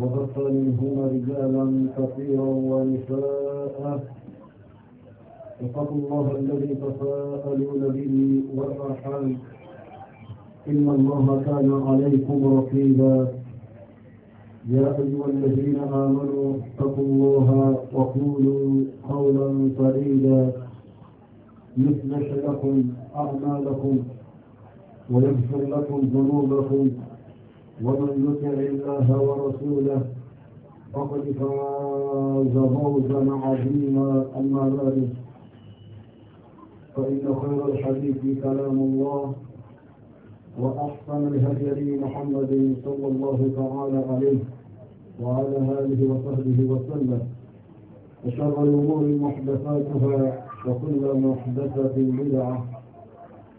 وبث منهما رجالا كثيرا ونساء اتقوا الله الذي تساءلون به والارحام ان الله كان عليكم رقيبا يا ايها الذين امنوا اتقوا الله وقولوا قولا سديدا يصلح لكم اعمالكم ويغفر لكم ذنوبكم ومن يطع الله ورسوله فقد فاز فوزا عظيما اما بعد فان خير الحديث كلام الله واحسن الهدي محمد صلى الله تعالى عليه وعلى اله وصحبه وسلم وشر الامور محدثاتها وكل محدثه بدعه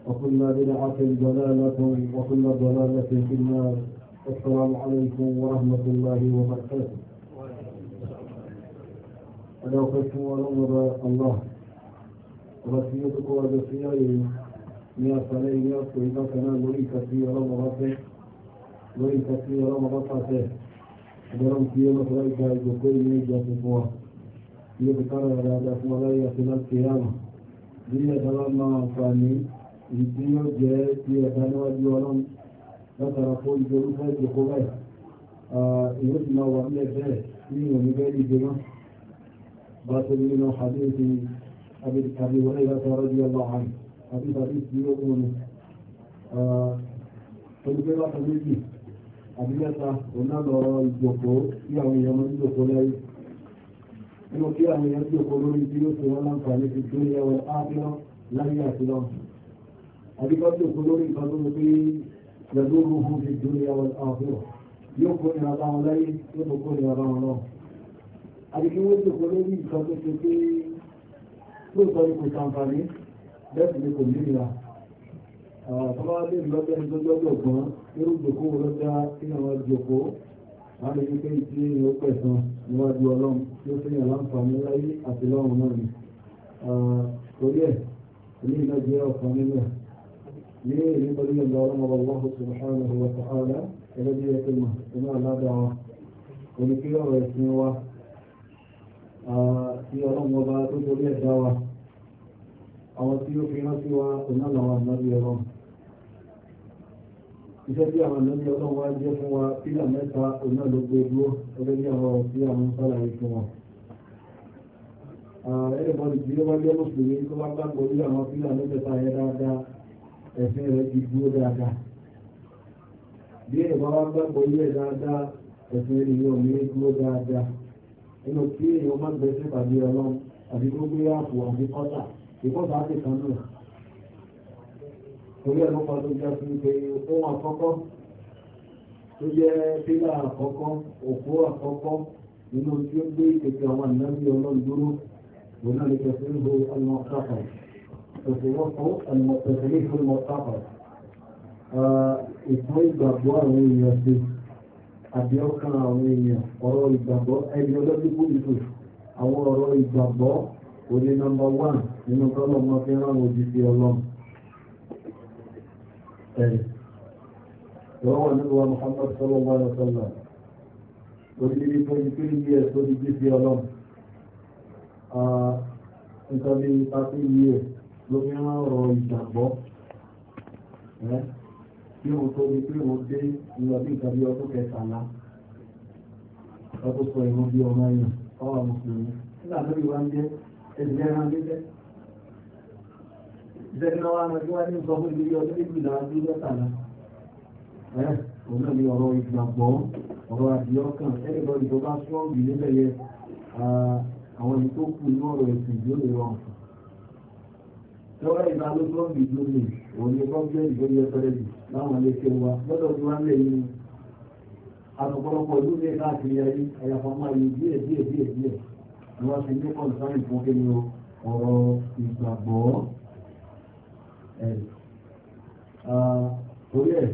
وكل بدعه ضلاله وكل ضلاله في النار السلام عليكم ورحمة الله وبركاته ألو قسم ونمر الله وسيدك وبسيري يا صلي يا صيدتنا نريك في رمضته نريك في رمضته برم في مصريك الجوكي نيجا في فوا يذكر هذا اسم الله يصل القيامة ليا تمام ما أنفاني يتيو جاء في أدنى وجوانا lọ́sọ̀rọ̀ fún ibi orúkọ ìjòkó báyìí èyí ti máa wà ní ẹgbẹ́ ní òní bẹ́ẹ̀ ní ìgbéná bá tó ní lọ àbí ètò àbí wọlé ìlàtọ̀ rọ́jú ọlọ́ àmì àbí tàbí tí ó kún ni olùgbé bàtà méjì àbí mẹ́ta òná lọ́rọ̀ ìjòkó tí àwọn èèyàn máa ń jòkó lẹ́yìn nínú kí àwọn èèyàn jòkó lórí tí ó ti wọ́n láǹfààní ti dúró yẹwọ́ áfíọ́ láyé àti lọ́rùn àbí bá jòkó lórí ìbádọ́mọ pé يدوره في الدنيا والآخرة يكون يضع لي يكون يضع له àdìkí wọ́n tó kọ́ lórí ìkan tó ṣe pé tó sọ ikú sàǹfàní lẹ́sìn ní kò nílìra àwọn alẹ́ ìlọ́jẹ́ ní tó lọ́jọ́ gan irú jòkó lọ́jọ́ kí àwọn jòkó wọ́n lè fi pé ìdí èèyàn ó pẹ̀sán níwájú ọlọ́run tí ó fẹ́yàn láǹfààní láyé àti lọ́run náà ni ليه لقضية الله أمر الله سبحانه وتعالى الذي يتم إما لا دعوة ونكيه ويسميه في أرم وبعد ولي الدعوة أو تيو في نفسي وقلنا له النبي أرم iṣẹ́ tí àwọn ìlọ́dí ọlọ́run wá jẹ́ fún wa pílà mẹ́ta oná ló gbé dúró ẹgbẹ́ bí àwọn ọ̀rọ̀ tí àwọn sálàyé fún wọn. ẹ̀rẹ̀bọ̀dì tí ó wá jẹ́ mùsùlùmí tó bá gbàgbọ́ bí àwọn pílà mẹ́tẹ̀ẹ̀ta yẹn dáadáa ẹ̀fẹ́ rẹ̀ ti dúró dáadáa. Bí ẹ̀bá wá gbàgbọ́ ilé ẹ̀ dáadáa, ẹ̀fẹ́ rẹ̀ yóò ní dúró dáadáa. Inú kí èèyàn má gbé sí pàdé ọlọ́run àbí tó gbé àpò àbí kọ́tà, ìkọ́tà ti kan náà. Torí ẹ̀ ló pa tó já sí pé ohun àkọ́kọ́ tó jẹ́ pílà àkọ́kọ́, òkú àkọ́kọ́ nínú tí ó gbé ìpèsè àwọn ìnáwó ọlọ́run dúró, òun náà lè tẹ̀síwò ọlọ́run المتصوف المتصوف المطلقة ìtàn ìgbàgbọ́ àwọn èèyàn sí àbí ọkàn àwọn èèyàn ọ̀rọ̀ ìgbàgbọ́ ẹni ọlọ́dúnkú nìtò àwọn ọ̀rọ̀ ìgbàgbọ́ òní nọmba wán nínú tọ́lọ̀ mọ́ fi rán òjì sí ọlọ́run ẹ̀rì lọ́wọ́ nínú wa Muhammad sallallahu alaihi wasallam orílẹ̀-èdè twenty three years tó ti jí sí ọlọ́run nǹkan bíi lómi máa rọ ìgbàgbọ́ tí òun tó ní pé òun dé lọ bí ìgbàbí ọdún kẹtàlá ọdún sọ ìwọ̀n bí ọmọ ẹ̀yàn ọwà mùsùlùmí nígbà lórí wa ń jẹ́ ẹ̀sìnlẹ̀ ra ń jẹ́ ìṣẹ́gbẹ́ wa máa wá ní ìgbọ́gbọ́ ìlú ọdún nígbìlá bí mẹ́tàlá òun náà ni ọ̀rọ̀ ìgbàgbọ́ ọ̀rọ̀ àdìọ́kàn ẹ̀rẹ́gbọ́n ìjọba strong níbẹ̀ yẹ àwọn ìtókù inú ọ̀rọ̀ ẹ̀sìn ìjọ́ lè rọrùn lọ́wọ́ ìbálòpọ̀ ìlú mi òun ni kọ́ńtẹ́ ìgbéyẹ pẹ́rẹ́jì láwọn iléeṣẹ́ wa lọ́dọ̀ tí wọ́n lè ní àtọ̀pọ̀lọpọ̀ ìlú mi káàkiri ayé àyàfọ́ máa yí díẹ̀ díẹ̀ díẹ̀ díẹ̀ ni wọ́n ti ní kọ́ńtánì fún kí ni ọ̀rọ̀ ìgbàgbọ́ torí ẹ̀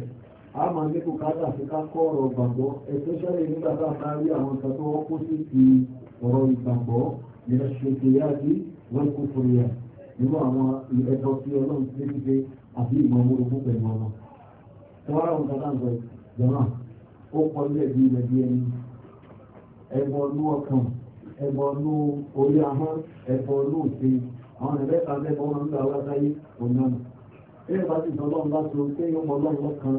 a máa ní bùkátà sí ká kọ́ ọ̀rọ̀ ìgbàgbọ́ especially nígbà tá a rí àwọn nǹkan tó wọ́n kó sí nínú àwọn ẹ̀tọ́ tí ọlọ́run ti lé ṣe àbí ìmọ̀ ọmọdógún pẹ̀lú ọmọ. wọ́n rà wọn tọ́lá nǹkan jọ̀nà ó kọ́ ilé bí ilẹ̀ bí ẹni ẹ̀bọ̀ ọlú ọkàn ẹ̀bọ̀ ọlú orí ahọ́n ẹ̀bọ̀ ọlú òṣè àwọn ẹ̀bẹ́ta mẹ́bọ̀ wọn ń gbà wá sáyé òyìnbó ilé bá ti sọ̀rọ̀ ń bá so pé yóò ọlọ́run lọ́kàn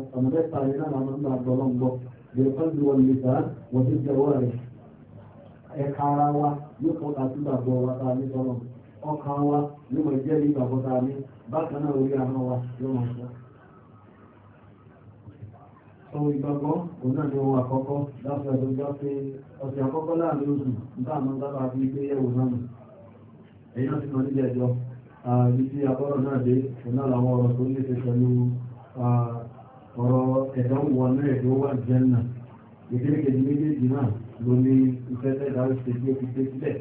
ọ̀nà ọkàn wa ló mọ̀ jẹ́ ní ìgbàgbọ́ta ní bákan náà orí àwọn wa ló mọ̀ sọ. Ohun ìgbàgbọ́ òun náà ni ohun àkọ́kọ́ láti ọdún já pé ọ̀sẹ̀ àkọ́kọ́ láàrin oṣù nígbà àmọ́ sábà fi gbé yẹ̀wò náà nù. Èyí náà ti mọ nílé ẹjọ́ àbí tí abọ́rọ̀ náà dé òun náà làwọn ọ̀rọ̀ tó ní ṣe pẹ̀lú ọ̀rọ̀ ẹ̀dọ́ wọn náà méjèèjì náà ló ní ìfẹ́fẹ́ dárí ṣe ó ti dé sílẹ̀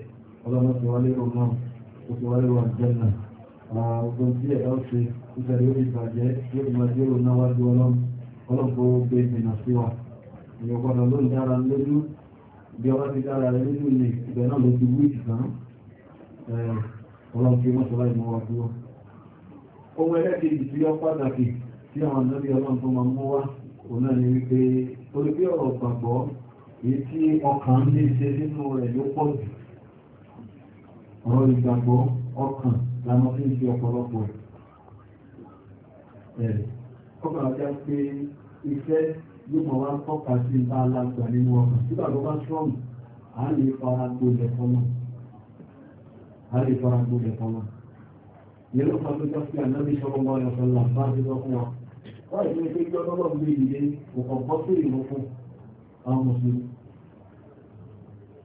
ọlọ́mọ ti oṣù wáyé wà jẹ́nà ọgbọ́n tí ẹ̀ ọ́ ṣe ìṣẹ̀lẹ̀ yóò ìbàjẹ́ yóò ìbàjẹ́ òun náà wájú ọlọ́pọ̀ gbé ìgbìnà sí wa ìyọ̀gbọ́dọ̀ ló ń dára lójú bí ọba ti dára rẹ lójú ní ìbẹ̀ náà ló ti wú ìtàn ọlọ́run kí wọ́n sọ́lá ìmọ̀ wa dúró ohun ẹlẹ́kejì tí ó pàtàkì tí àwọn ànábì ọlọ́run tó máa mú wá òun náà ni wípé orí bí ọ̀rọ̀ gbàgbọ́ èyí tí ọkàn ń lè ṣe nínú rẹ̀ ló pọ̀ jù ọ̀rọ̀ ìgbàgbọ́ ọkàn làmọ́ fi ń fi ọ̀pọ̀lọpọ̀ ẹ̀ ọkàn ọjà pé iṣẹ́ yóò wá tọ́ka sí bá alágbà nínú ọkàn sígbà tó bá strong a lè fara gbolẹ̀ fọ́nà a lè fara gbolẹ̀ fọ́nà yẹn ló fọ́n tó jọ sí ànábì sọ́kọ́ bá ọ̀yọ̀ sọ́lá bá ti sọ fún wa wọ́n yìí ní pé kí ọlọ́rọ̀ gbé ìdílé òkàn bọ́ sí ìlú fún àwọn mùsùlùmí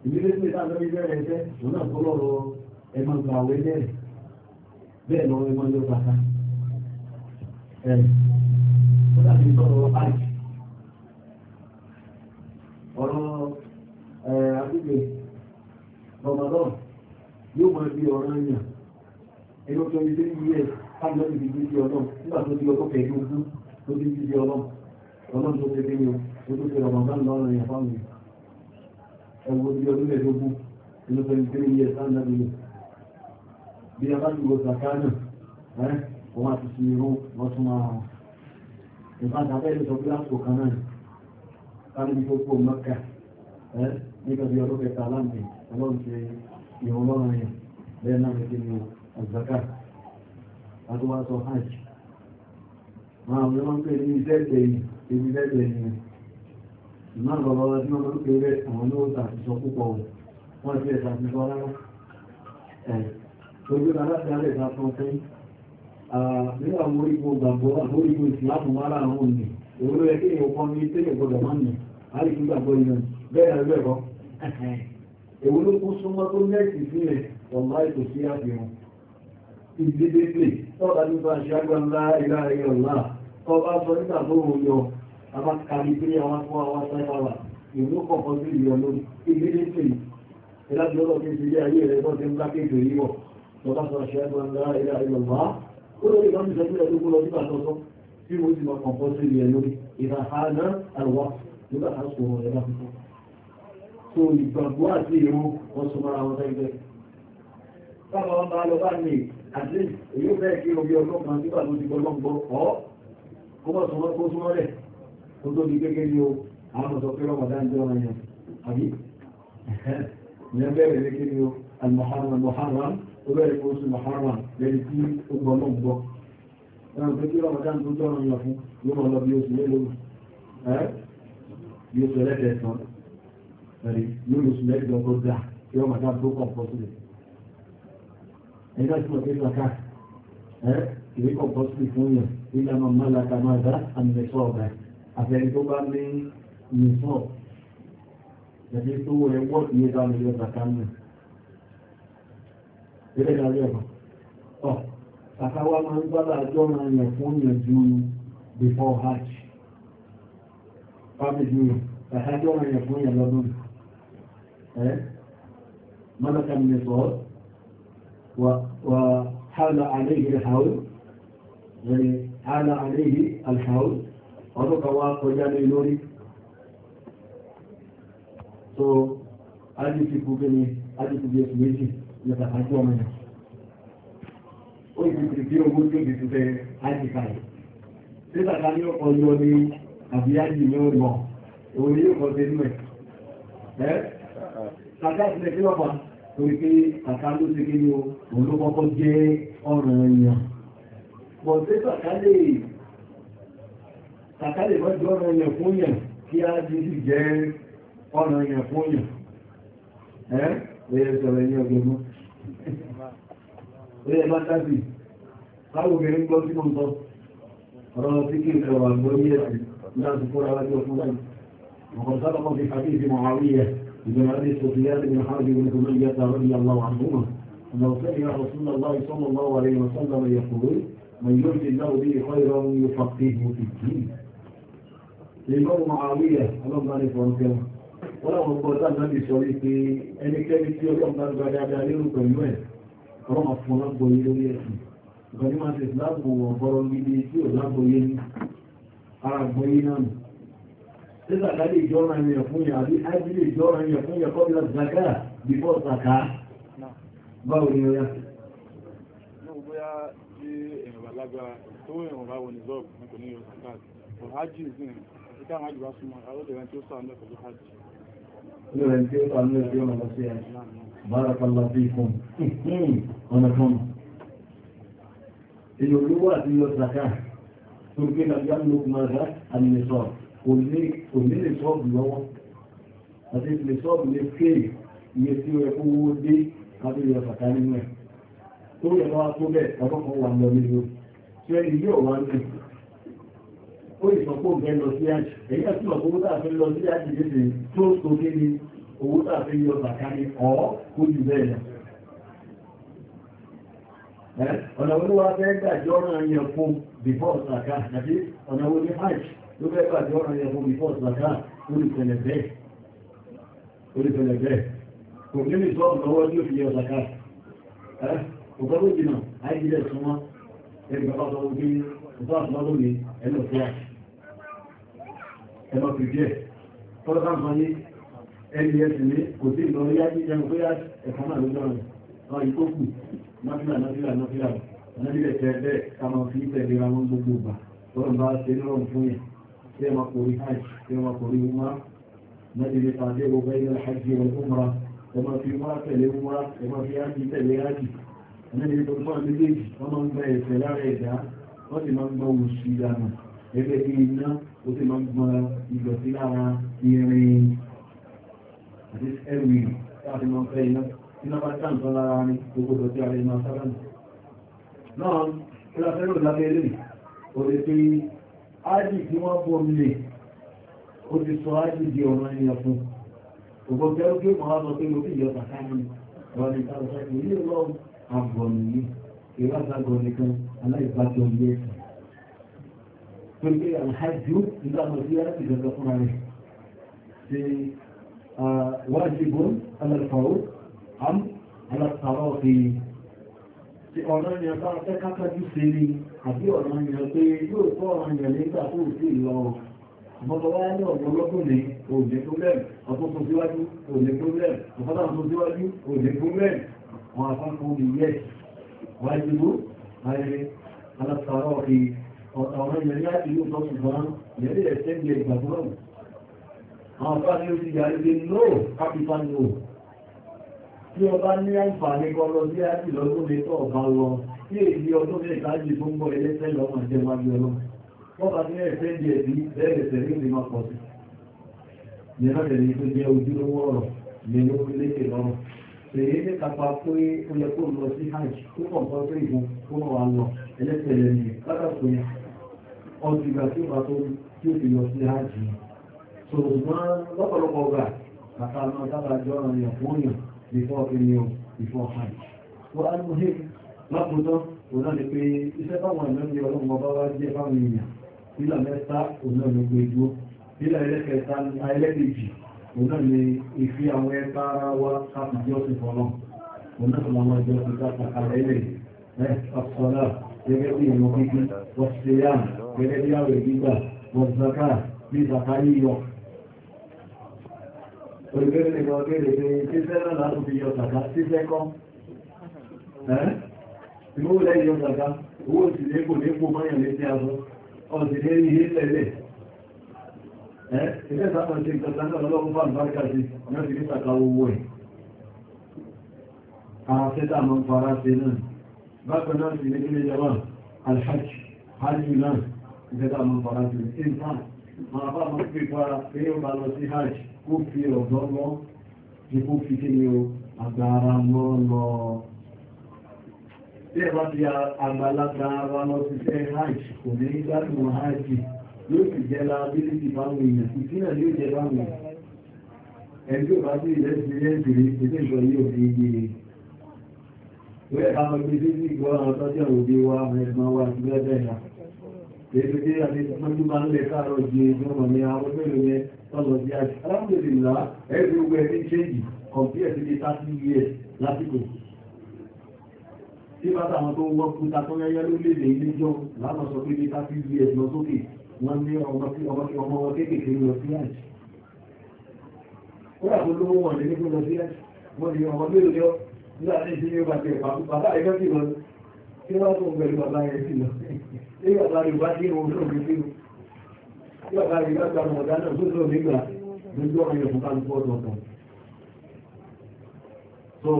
ìdílé pé táwọn ìbẹ̀rẹ̀ ẹ máa gba àwẹ̀ lẹ́rẹ̀ bẹ́ẹ̀ lọ́wọ́ ẹ máa yọ bàtà ẹ̀ ó dàbí sọ̀rọ̀ àjì ọ̀rọ̀ ẹ̀ àdúgbò rọmọdọ́ yóò máa di ọ̀rọ̀ ẹ̀yàn ẹ̀yọ́ tó ní lẹ́yìn yẹ káàdì ọ̀dọ̀ ìdí ìdí ọlọ́run nígbà tó di ọkọ̀ kẹ̀kẹ́ ogún tó di ìdí ọlọ́run ọlọ́run tó ti lẹ́yìn o tó ti rọmọdọ́ lọ́rùn ẹ̀yàn fáwọn ẹ̀wọ̀n di ọdún ẹ̀dógún ẹ̀yọ́ tó ní lẹ́yìn yẹ káàdì ọ̀dọ̀ bí ẹ bá ti wo zaka náà ẹ́ wọ́n ti fi irun wọ́n tún máa hàn ìbáta abẹ́rẹ́ sọ pé àpò kan náà káàdì tó kó mọ́kà ẹ́ nígbà bí ọdún kẹta láǹdì ọlọ́run ti ìrún lọ́rùn yẹn bẹ́ẹ̀ náà ti ní àzàkà àdúrà sọ hajj máa wọ́n máa ń pè ní iṣẹ́ ìgbẹ̀yìn ibi iṣẹ́ ìgbẹ̀yìn ìmá bàbá wa tí wọ́n máa ń pè rẹ̀ àwọn olóòtà àti sọ púpọ̀ wọ́n ti ẹ̀ta ojú aláṣẹ alẹ́ ìta fún ọ̀fẹ́ ní àwọn orígun gbàgbọ́ àbórígun ìsìláàmù mara àwọn òní òwúrọ̀ ẹ̀ kí èèyàn kan ní tẹ́lẹ̀ gbọdọ̀ máa ń nì àrí kí gbàgbọ́ ìyẹn bẹ́ẹ̀ rẹ̀ bẹ́ẹ̀ kọ́ èwo ló kún súnmọ́ tó mẹ́sì sílẹ̀ ọ̀la ètò sí àfihàn ìdílé pé tọ́ba ní bá ṣe àgbà ńlá ìlà ilẹ̀ ọ̀la tọ́ba sọ nígbà tó wò yọ àbá kárí pé àwọn fún àwọn sáyáwà ìlú kọ̀ọ̀kan sí ìyọ̀nù ìdílé pé ìlàjọ́ lọ́ọ́ ونحن أشهد أن لا إله إلا الله كل الإمام الجميل يقول لك أنه في مجمع قنفوسي يقول إذا حان الوقت يبقى حسبه إلى so ìgbàgbọ́ àti ìrún wọn so mara wọn tẹ́gbẹ́ sábà wọn bá lọ bá ní at least èyí bẹ́ẹ̀ kí omi ọgbọ́n kan nígbà tó ti gbọ́gbọ́n gbọ́ ọ́ kó bọ́ sọmọ́ kó súnmọ́ rẹ̀ kó tó di gẹ́gẹ́ ní o àwọn ọ̀sọ̀ pé ọmọdé ń jẹ́ ọmọ yẹn àbí ìyẹn bẹ́ẹ̀ rẹ̀ kí ni o al-muharram al-muharram olóyè kó oṣù mahama lẹ́yìn tí ó gbọ́ náà gbọ́ ẹ̀rọ pé kí rọmọdán tó tọ́rọ yàn fún ló mọ̀ lọ bí oṣù mélòó ẹ́ bí oṣù ẹlẹ́kẹ̀ẹ́sán ẹ̀rí yóò lóṣù mẹ́jọ tó dà kí rọmọdán tó kàn fọ́ sílẹ̀ ẹ̀yìn láti mọ̀ pé kàkà ẹ́ ìwé kàn fọ́ sílẹ̀ fún yàn ilé àmọ́ máa la ka máa dá àmì ẹ̀sọ́ ọ̀gá ìrẹ́ ìdájọ́ ẹ̀fà ọ̀ àtàwà máa ń gbábà àjọ máa ń yàn fún yàn ju before hajj fábí ju àtàjọ máa yàn fún yàn lọ́dún ẹ́ mọ́lọ́kà mi sọ wà hálà àléhì àhàwù rẹ̀ hálà àléhì àhàwù ọdún kan wá kọjá lé lórí so adìsí kú kí ni adìsí bí ẹsùn méjì ìyàtàkàjú ọmọ yẹn ó ti tìrì bí owó tó ti fẹ́ áìsìkáì títàkà ní ọkọ̀ yọ ní àbí áìsì ní ọ̀nà òun ni yóò kọ́ sí inú ẹ̀ kàkà sílẹ̀ kí lọ́pàá torí pé kàkà ló ti kéde òun ló kọ́kọ́ jẹ́ ọ̀ràn èèyàn pọ̀ sí kàkà lè kàkà lè mọ́jú ọ̀ràn èèyàn fún yẹn kí á di sí jẹ́ ọ̀ràn èèyàn fún yẹn ẹ̀ ẹ̀ sọ̀rọ̀ ẹ̀yìn ọ̀gbẹ̀mọ́ ilé ẹ̀bá tábì káwọn obìnrin gbọ́ sí mọ́ ọ̀rọ̀ tí kí n kọ̀wà gbọ́ ní ẹ̀sìn láti fọ́ra حديث معاوية بن أبي سفيان حرب بن أمية الله عنهما أنه رسول الله صلى الله عليه وسلم يقول من يرد الله به خيرا يفقهه في الدين ìmọ́rù Muawiya ọlọ́gbàrin fọ́nkẹ́wọ̀n wọ́n láwọn ọgbọ́ta náà bí sọ wípé ẹnikẹ́ni tí ọlọ́gbàrin gbàdáadáa lérò pẹ̀lú ẹ̀ àwọn máa fún lágbóyé lórí ẹ̀sìn ìgbàdí máa ti láàbò wọn bọ́rọ̀ gidi tí ò lágbóyé ní ara gbóyé náà nù tẹ́sà ká lè jọ́ra yẹn fún yẹn àbí ájí lè jọ́ra yẹn fún yẹn kọ́bílá zaka bífọ́ zaka báwo ni ó yá. náà bóyá tí èèyàn bá lágbára tó èèyàn bá wọ ní zọ́ọ̀bù ní kò ní yọ zaka ọ̀ ájí ìsìn ìta barakallahu fikum ọ̀nà kan èyí olówó àti yọ sàkà tó gbé nàìjíríà ló kùnà rà àmì sọ kò ní lè sọ́ọ̀bù lọ́wọ́ àti lè sọ́ọ̀bù lè kéè iye tí ó yẹ kó wó dé kábí yọ sàkà nínú ẹ̀ tó yẹ wá tó bẹ́ẹ̀ ọkọ̀ wà lọ nínú tí ẹni yóò wá ní ó ìsọ̀kó bẹ́ẹ̀ lọ sí àjì èyí àti ọ̀pọ̀ tó tà fẹ́ lọ sí àjì owó tàbí yọ bàkání ọ̀ kó jù bẹ́ẹ̀ lọ. ọ̀nà olúwa fẹ́ gbàjọ́ ọ̀ràn yẹn fún before sàkà àti ọ̀nà owó ní hajj ló fẹ́ gbàjọ́ ọ̀ràn yẹn fún before sàkà olùfẹ̀lẹ̀ bẹ́ẹ̀ olùfẹ̀lẹ̀ bẹ́ẹ̀ kò ní lè sọ́ọ̀bù lọ́wọ́ tí ó fi yọ sàkà kò gbọ́ ló jìnà àìjílẹ̀ súnmọ́ ẹgbẹ̀ bá sọ wípé ìfọ́ àtúmọ́ lónìí ẹlọ́fíà ẹlọ́fíà tọ́lọ́tà ń sọ yìí ẹni ẹsẹ̀ ní kò sí ìlọ yá jíjẹ ń pé ẹ̀fọn náà ló dọ̀rùn wọn yìí tó kù nọ́fíà nọ́fíà nọ́fíà nọ́fíà tẹ bẹ́ẹ̀ ká máa fi tẹ̀lé ra wọn gbogbo ìgbà tọ́lọ̀ bá ṣe ní rọrùn fún yẹn tí ẹ máa kórè hajj tí ẹ máa kórè umra nọ́fíà lè pàdé gbogbo ẹ̀yẹ hajj wọn umra ẹ máa fi umra tẹ̀lé umra ẹ máa fi hajj tẹ̀lé hajj nọ́fíà tó máa méjèèjì wọ́n máa ń gba ẹ̀fẹ̀ lára ẹ̀dá àti ẹrù ìlú láti máa fẹ́ iná iná bá tàn tán lára ní gbogbo ọjọ́ alẹ́ máa sábà nù. náà kí la fẹ́ràn lábẹ́ ilé ò lè pe ájì tí wọ́n bọ́ mi lè ó ti sọ ájì di ọ̀rọ̀ ènìyàn fún ògbó bẹ́ẹ̀ gbé mọ́ àwọn pé mo fi yọ bàtà mi wọ́n ni, táwọn sáà kìí lọ àgbọ̀ nìyí ìwádàgọ̀ nìkan aláìbájọ́ ilé ẹ̀sìn. pé pé àlhájú nígbà sí arábìnrin kan fúnra rẹ̀ واجب على الفوق أم على التراخي si ọ̀nà ni ọba akẹ́kàkà jù sí rí àbí ọ̀nà ni ọ̀pẹ́ yóò tọ́ ọ̀nà ni ọ̀lẹ́gbà tó sí lọ ọmọdọ́wà ní ọ̀dọ́ lọ́gbọ̀n ní òòlè problem ọ̀tọ́kùn síwájú òòlè problem ọ̀fọ́dàkùn síwájú òòlè problem wọn àfákùn ní yẹ wájúlú ayẹyẹ alátàrọ̀ ọ̀rẹ́ yẹn láti yóò tọ́ ṣùgbọ́n yẹ́lẹ́ àwọn bá ní ó ti yàrí pé no capital no tí ọba ní àǹfààní kan lọ sí àti lọ́dún lè tọ́ ọba lọ tí èyí ọdún lè káàjì tó ń bọ̀ ẹlẹ́sẹ̀ lọ́mọ jẹ́ wá bí ọlọ́ wọ́n bá ní ẹ̀fẹ́ di ẹ̀bí bẹ́ẹ̀ tẹ̀lé lè máa pọ̀ sí ìyẹn náà tẹ̀lé tó jẹ́ ojúlówó ọ̀rọ̀ lè ló fi lékè lọ́rọ̀ èyí ní kápá pé ó ọdún ìgbà tí ó bá tó tí ó fi lọ sí hajj yìí ṣùgbọ́n lọ́pọ̀lọpọ̀ gbà kàkà máa dábàá jọ ọ̀rọ̀ yẹn fún yàn before kìnìún before hajj. wọ́n á mú hẹ́ẹ̀ lápòótọ́ òun náà ni pé iṣẹ́ táwọn ẹ̀mọ́ ní ọlọ́run ọba wá jẹ́ fáwọn èèyàn nílà mẹ́ta òun náà ló gbé dúró nílà ẹlẹ́kẹta ẹlẹ́kẹjì òun náà ni ìfi àwọn ẹ̀ka ara wa káàkiri ọ̀sìn fọlọ́ òun náà làwọn ẹ̀jọ́ Òrìgbẹ́rẹ́ ìgbọ́ kéèrè pé títẹ́ náà láti fi yọ sàkà títẹ́ kọ́. Ìmú lẹ́ yọ sàkà, owó òsìlé kò ní kó mọ́yàn lé sí aṣọ, ọ̀sìlé rí ilé lẹ̀. Ilé ìsáfà ṣe ìtọ́ta náà lọ́wọ́ fún àbáríkà sí, wọ́n ti ní sàkà owó ẹ̀. Àṣẹ́ta mọ́ fara ṣe náà. Bákan náà sì ní ilé ìjọba, alhaji, hajj náà, ìṣẹ́ta mọ́ fara ṣe mas vamos mọ́ pè fara pé ó bá lọ sí hajj kó fi ọ̀dọ́ lọ ní kó fi kí ni o agbára mọ́ lọ tí ẹ bá fi àgbàlagbà ara lọ sí sẹ́ hajj kò ní gbádùn hajj yóò sì jẹ́ la bíríkì báwọn èèyàn kò sí náà yóò jẹ́ báwọn èèyàn ẹgbẹ́ ò bá sí ìrẹsì ìrẹsì rí ìpínlẹ̀ ìṣọ̀ yóò fi yé wẹ́ẹ̀ bá mọ́ pé sí ìgbọ́ àwọn tọ́jú òde wa lẹ́gbẹ̀dẹ́ àdéjọpọ́júmọ́ lè káàrọ̀ jẹ ìjọba ní àwọn mẹ́rin yẹn tọ́lọ̀ sí àti alámọ̀lẹ́lá ẹ̀rí ogun ẹ̀mí ṣéjì compare to the thirty years lásìkò tí bàtà àwọn tó ń wọ́n kúta tó yẹ́yẹ́ ló lè lè níjọ́ láwọn sọ pé ní thirty years lọ sókè wọ́n ní ọmọ sí ọmọ sí ọmọ wọn kéékèèké lọ sí àjì ó rà tó lówó wọn lè ní kó lọ sí àjì wọ́n ní ọmọ mélòó yọ nígbà tí ìsinmi bàtẹ̀ bàbá ẹgbẹ́ sí lọ tí wọ́n tó gbẹ̀rù bàbá rẹ̀ sí lọ tí bàbá rẹ̀ bá dínú ojú òbí sí tí bàbá rẹ̀ bá gba náà tó tó nígbà lójú ọ̀rẹ́ òkú ká ń pọ̀ tọ̀tọ̀ so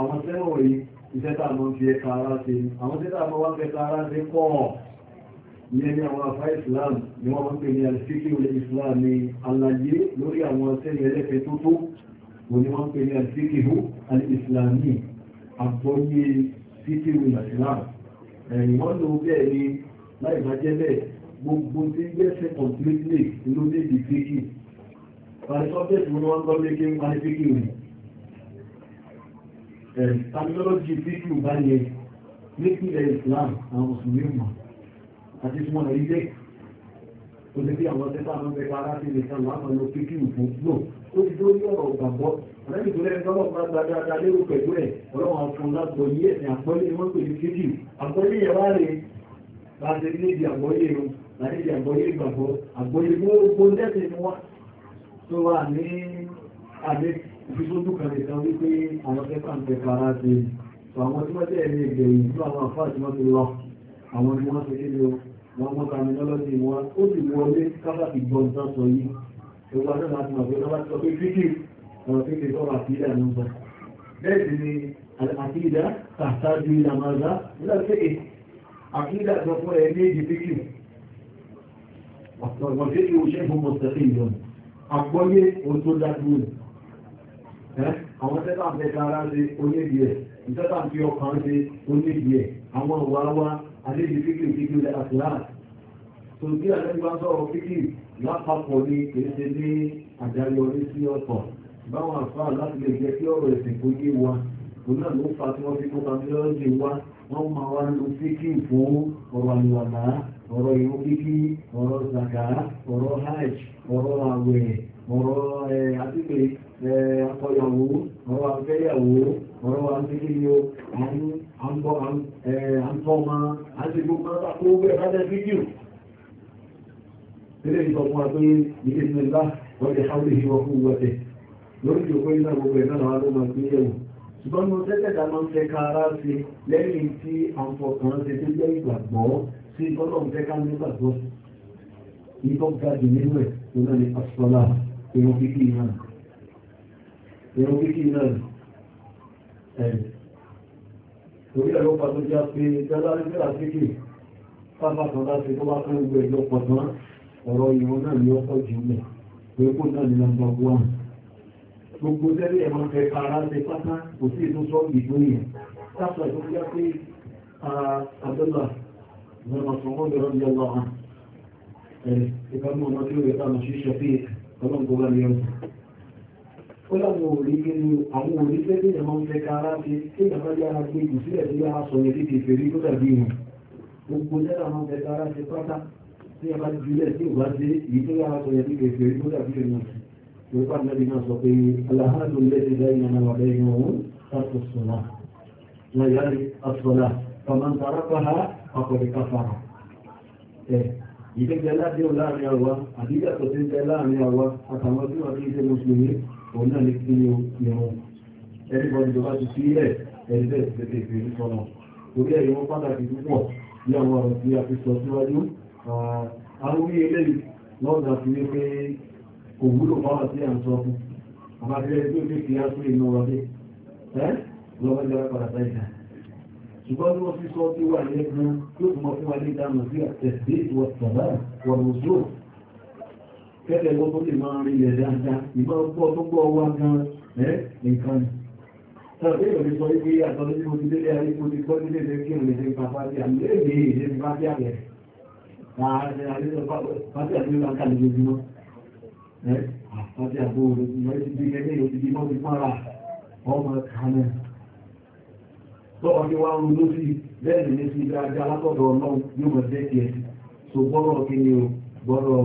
àwọn tẹ́wọ̀n yìí iṣẹ́ tá a mọ́ fi ẹka ara ṣe àwọn tẹ́ta mọ́ wá fẹ́ka ara ṣe pọ̀ ìyẹn ní àwọn afá Islam ni wọ́n máa ń pè ní alifiki olè Islam ní àlàyé lórí àwọn ọ̀sẹ̀ ẹlẹ́fẹ̀ẹ́ tó tó òní wọ́n pè ní alifiki hu alìsìlámì àgbọ́yé títí ìwé nàìjíríà ẹ̀yìn wọ́n lò bẹ́ẹ̀ ni láì bá jẹ́ bẹ́ẹ̀ gbogbo tí ń gbẹ́sẹ̀ completely ló dé di fíkì parisọ́bẹ̀tì wọn wọ́n gbọ́n lékè ń parí fíkì rẹ̀ ẹ̀ terminology fíkì bá yẹ nípìnlẹ̀ Islam àwọn mùsùlùmí mọ̀ àti tí wọ́n rí dé ó ti fi àwọn tẹ́tà lọ́pẹ́ kára sí ilé kan láwọn lọ fíkì fún lò ó ti dórí ọ̀rọ̀ ìgbàgbọ́ Àlẹ́bí tó lẹ́yìn tọ́lọ́ bá gba dáadáa lérò pẹ̀lú ẹ̀, ọlọ́run fún lápò yí ẹ̀sìn àpọ́lé wọ́n pè ní kéjì. Àpọ́lé yẹ wá rè bá ṣe ní ìdí àgbọ́yé irun, láti ìdí àgbọ́yé ìgbàgbọ́, àgbọ́yé gbogbo lẹ́sìn ni wọ́n tó wà ní àdé ìfisójú kan lè san wípé àwọn tẹ́fà ń tẹ́fà ara ṣe. Sọ àwọn tí wọ́n tẹ̀ ní ìgbẹ̀yìn tó àwọn àfáà tí wọ́n ti lọ, àwọn ni wọ́n ṣe kéde wọn mọ́ terminology wọn, ó sì wọlé kábàkì gbọ́n tán sọ yìí. Ìwọ́n náà láti mọ̀ pé sọ pé fídíò ọ̀rọ̀ tí kìí sọ́rọ̀ àkídà ló ń bọ̀. Bẹ́ẹ̀ ni àkídà tàṣájú ìlàmọ́lá nígbà tí è àkídà sọ fún ẹ ní èdè fíkì. Ọ̀pọ̀ tí kìí ṣe fún mọ̀sẹ̀lẹ̀ ìjọ. Àgbọ́yé ohun tó dájú rẹ̀. Àwọn tẹ́tà ń fẹ́ kára ṣe oníbi ẹ̀. Ìtẹ́tà ń fi ọkàn ṣe oníbi ẹ̀. Àwọn ìwà wa àlejò fíkì fíkì lẹ́ àtìláàtì. Tòbí báwọn àfáà láti lè jẹ́ kí ọ̀rọ̀ ẹ̀sìn kó yé wa òun náà ló fa tí wọ́n fi mú tàbílọ́ọ̀dì wa wọ́n máa wá lo síkì fún ọ̀rọ̀ àlùwàlá ọ̀rọ̀ ìwọ kíkí ọ̀rọ̀ zàkà ọ̀rọ̀ hajj ọ̀rọ̀ àwẹ̀ ọ̀rọ̀ àtìpé akọyàwó ọ̀rọ̀ afẹ́yàwó ọ̀rọ̀ àtìkíyọ àǹtọ́mà àti gbogbo àkókò ẹ̀rọ fídíò tẹ́lẹ̀ ìtọ́kùn àgbé ilé ìsinmi bá wọ́n ti háwlé lórí ìjòkó iná gbogbo ẹ̀nà àwọn tó máa gbé yẹ̀wò ṣùgbọ́n mo tẹ́tẹ̀dá máa ń fẹ́ ká ara ṣe lẹ́yìn tí àǹfọ̀kàn ṣe tó jẹ́ ìgbàgbọ́ sí ọlọ́run fẹ́ ká ní ìgbàgbọ́ ní tó ga jù nínú ẹ̀ tó náà ní asọ́lá irun kíkí náà irun kíkí náà ẹ̀ torí ẹ̀rọ pàtó jẹ́ pé jẹ́lá ní fẹ́ra kíkì pápá kan bá ṣe tó wá fún gbogbo ẹ̀jọ́ tán ọ̀rọ̀ ìwọ̀n náà ni ó pọ̀ jù mẹ́ pé náà ní lọ́mbà wọ́n gbogbo tẹ́lẹ̀ ẹ̀mọ́ fẹ́ ara ṣe pátá kò sí ètò sọ́ọ̀gì tó yẹn sáfà tó fi pé àdọ́là lọ́nà sọ́wọ́n lọ́rọ́ ní ọlọ́ hàn ẹ̀ka mú ọmọ tí ó yẹ ká lọ sí ṣọ́fí ọlọ́gbọ́ wà ní ọ̀sán ó láwọn òrí nínú àwọn òrí tẹ́lẹ̀ ẹ̀mọ́ fẹ́ ara ṣe tí ìyàbá yà á gbé ìgbésílẹ̀ tó yà á sọ yẹn títí ìfèrí tó dàbí wọn gbogbo tẹ́lẹ̀ ẹ̀mọ́ fẹ́ ara ṣe pátá tí ìyàbá jùlẹ̀ tí ìwádìí ìyí tó yà á sọ yẹn títí ìfèrí tó dàbí wọn يقال لنا صفي الأهل الذي بيننا وبينهم ترك الصلاة ويرك الصلاة فمن تركها فقد كفر ìgbẹ́gbẹ́ láti láàrin àwa àdíjà tó ti ń jẹ láàrin àwa àtàwọn tí wọ́n ti ń jẹ mùsùlùmí òun náà lè kí ní ìrùn ẹni bọ́dí tó bá ti sí ilẹ̀ ẹni bẹ́ẹ̀ ti tètè fi ń sọ̀nà torí ẹ̀yìn wọn pàtàkì púpọ̀ ní àwọn ọ̀rọ̀ tí a fi sọ síwájú àwọn ilé lọ́gbà fi wípé kò wúlò fọ́nà sí à ń sọ fún ọmọ akẹ́kẹ́ tó lè fi aṣọ inú ọdẹ ẹ́ lọ́wọ́ ìjọba padà sáyé náà ṣùgbọ́n tí wọ́n fi sọ tí wà ní ẹgbẹ́ yóò tún mọ fún wa ní ìdáhùn sí àtẹ̀sí ìwọ sàbá wọ̀n òjò kẹ́lẹ̀ wọ́n tó lè máa rí ilẹ̀ dáadáa ìmọ̀ gbọ́ tó gbọ́ wá gan ẹ́ nìkan ni tàbí ìròyìn sọ wípé àtọ́lé tí mo ti délé ayé mo ti gbọ́ nílé ìdẹ́ kí ìròyìn ṣe pàpà àmì lè àti àbò òdòdó ti bí gẹ́gẹ́ yóò ti bí mọ́ ti pàrà ọmọ kanẹ̀ lọ́ọ̀dí wá ń ló sí bẹ́ẹ̀ni ní sí dáadáa látọ̀dọ̀ ọlọ́run yóò mọ̀ jẹ́ kẹ́ so gbọ́rọ̀ kí ni o gbọ́rọ̀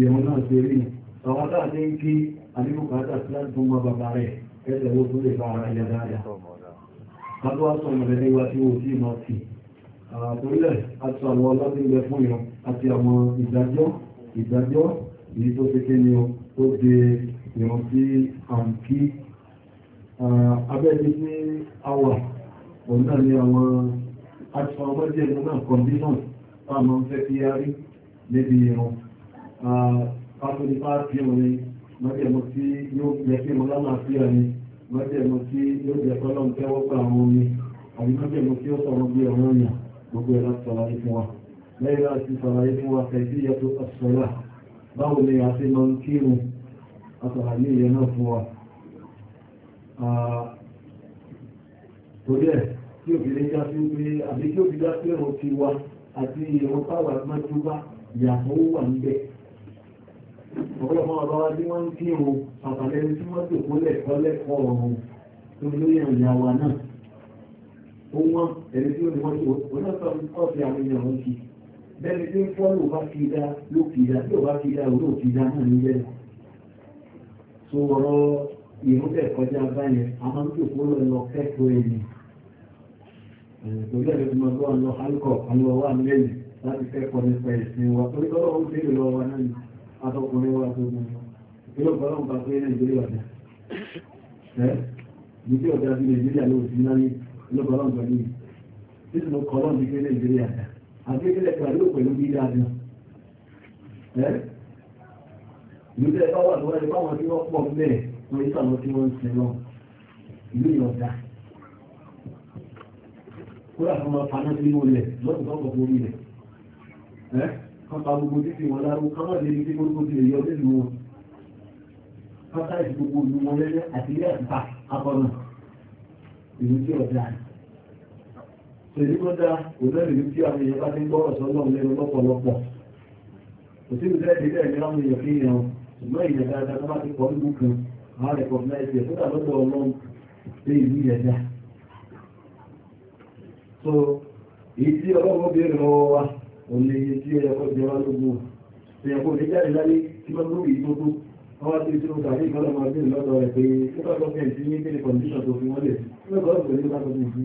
ìrún náà ṣe rí àwọn tá a ti ń kí àníkùkàtà sí láti fún bàbá rẹ̀ ẹsẹ̀ ló tún lè bá ara yẹ dáadáa kájú aṣọ mọ̀lẹ́bí wa tí ó sì máa fi àtòrílẹ̀ àti àwọn ọlọ́dún ilẹ̀ fún ìran àti àwọn ìdájọ́ ìdájọ́ èyí tó fi kí ni ó tó de ìrùn sí àǹkí abẹ́ni ní àwà òun náà ni àwọn aṣọ ọmọdé ẹ̀mọ́ náà condition tá a máa ń fẹ́ kí a rí níbi ìrùn pàtàkì bá kí orin mọ́jẹ̀mọ́ tí yóò jẹ́ kí wọn lálàáfíà ni mọ́jẹ̀mọ́ tí yóò jẹ́ kọ́lọ́m tẹ́wọ́ gbà àwọn omi àbí mọ́jẹ̀mọ́ tí ó sọ̀rọ̀ bí ọ̀rọ̀ yàn gbogbo ẹ̀rọ sọ̀rọ̀ ayé wa lẹ́yìn láti sọ̀rọ̀ ayé wa kẹ̀kí yẹ tó sọ̀rọ̀ báwo ni a ṣe máa ń kírun àtàlàyé ìyẹn náà fún wa torí ẹ̀ tí òbìnrin já sí pé àbí tí òbí já sí ẹ̀rọ ti wa àti ìrọ̀ táwà mẹ́tú bá ìyàtọ̀ ó wà níbẹ̀ ọ̀pọ̀lọpọ̀ ọ̀rọ̀ wa tí wọ́n ń kírun àtàlẹ́ tí wọ́n tò kó lẹ́kọ́ lẹ́kọ́ ọ̀run tó lóyè ìyá wa náà ó wọ́n ẹni tí ó ní wọ́n tó ó náà sọ bẹ́ẹ̀ni pé fọ́lù bá fi dá ló fi dá tí ò bá fi dá òun ò fi dá náà níjẹ́ so ọ̀rọ̀ ìrúbẹ̀ kọjá báyẹn a máa ń jòkó lọ lọ kẹ́kọ̀ọ́ ẹni torí ẹ̀rọ tí mo gbọ́ lọ alukọ̀ àwọn ọwọ́ àmìlẹ́yìn láti kẹ́kọ̀ọ́ nípa ẹ̀sìn wa torí tọ́lọ́ ó béèrè lọ wa náà atọkùnrin wa tó gbọ́n ìlú ọ̀pọ̀lọpọ̀ bá pé nàìjíríà ọ̀dà ẹ́ ìdí ọ̀dà sí nàìjíríà ló ti náà ní ìlú ọ̀pọ̀lọpọ̀ ní ìlú ọ̀pọ̀lọpọ̀ ní pé nàìjíríà ọ̀dà àti pẹ̀lú pẹ̀lú bí dáadáa ìlú tẹ́lẹ̀ àwọn tí wọ́n pọ̀ ilẹ̀ lọ́sùn tó orí rẹ̀ ẹ́ kan gbogbo títí wọn lárú kan wọ́n lébi tí gbogbo ti lè yọ nínú wọn pátá ìsìn gbogbo wọn lẹ́lẹ́ àti ilé àtìpá tèmi mọ́ tí àwọn èèyàn bá ti ń gbọ́rọ̀ sọ́lọ́ lẹ́nu lọ́pọ̀lọpọ̀ kò sí ìrẹ́ ìdílé èèyàn fi hàn ṣùgbọ́n èèyàn dáadáa tó bá ti pọ̀ nínú kan àwọn ẹ̀kọ́ pé ìlú yẹn dá so èyí tí ọlọ́run béèrè lọ́wọ́ wa lè yẹ tí ẹ̀kọ́ jẹ ní jáde láyé tí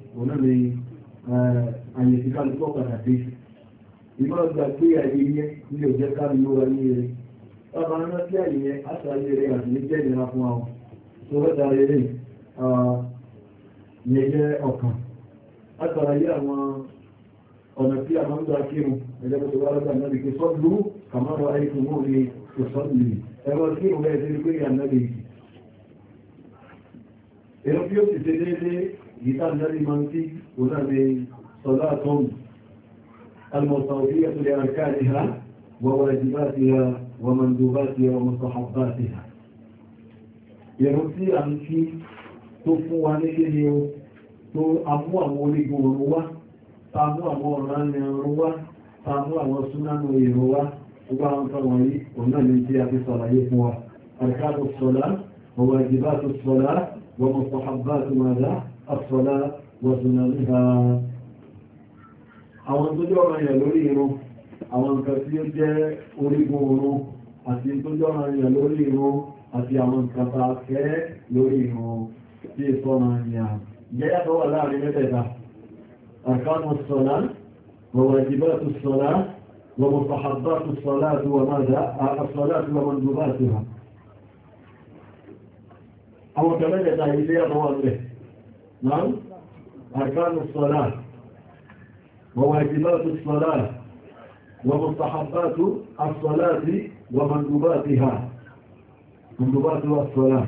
òun náà lè àyè tí kálukú ọ̀kadà dé ìmọ̀ ọgbà pé àyè yẹn ní òjẹ́ kálukú wa ní eré bàbá náà sí àyè yẹn àtàlẹ́ eré àti ní jẹ́ ìlera fún wa tó lọ́ta eré yẹn jẹ́ ọ̀kan látara yí àwọn ọ̀nà tí a máa ń gba kírun ẹ̀jẹ̀ bó wá lọ́ta náà lè ké sọ́dúró kàmáwá ayé tó mú ní ìsọ́dúró ẹ̀rọ kírun bẹ́ẹ̀ ti pé ìyànnà lè èrò bí ó ti ṣe déédéé ìta lẹ́rí ma ń tí kò náà ni sọ́lá àtọ́mù المصوفية لأركانها وواجباتها ومندوباتها ومستحباتها ìrun tí a ń kí tó fún wa ní kí ni o tó amú àwọn orígun òru wá ta mú àwọn ọ̀ràn ní ọrún wá ta mú àwọn súnánù ìrun wá gbogbo àwọn kan wọ̀nyí òun náà ní wa arkanu sọ́lá àfọlá wọ̀sùnà níha àwọn tó jẹ́ ọ̀rọ̀ ìyà lórí irun àwọn nǹkan tí ó jẹ́ orígun oorun àti tó jẹ́ ọ̀rọ̀ ìyà lórí irun àti àwọn nǹkan tá a lórí irun tí è sọ́nà ìyà jẹ́ الصلاة ومستحبات الصلاة وماذا الصلاة ومندوباتها أو كمان يتعيدي أطوال له نعم أركان الصلاة وواجبات الصلاة ومستحبات الصلاة ومندوباتها مندوبات الصلاة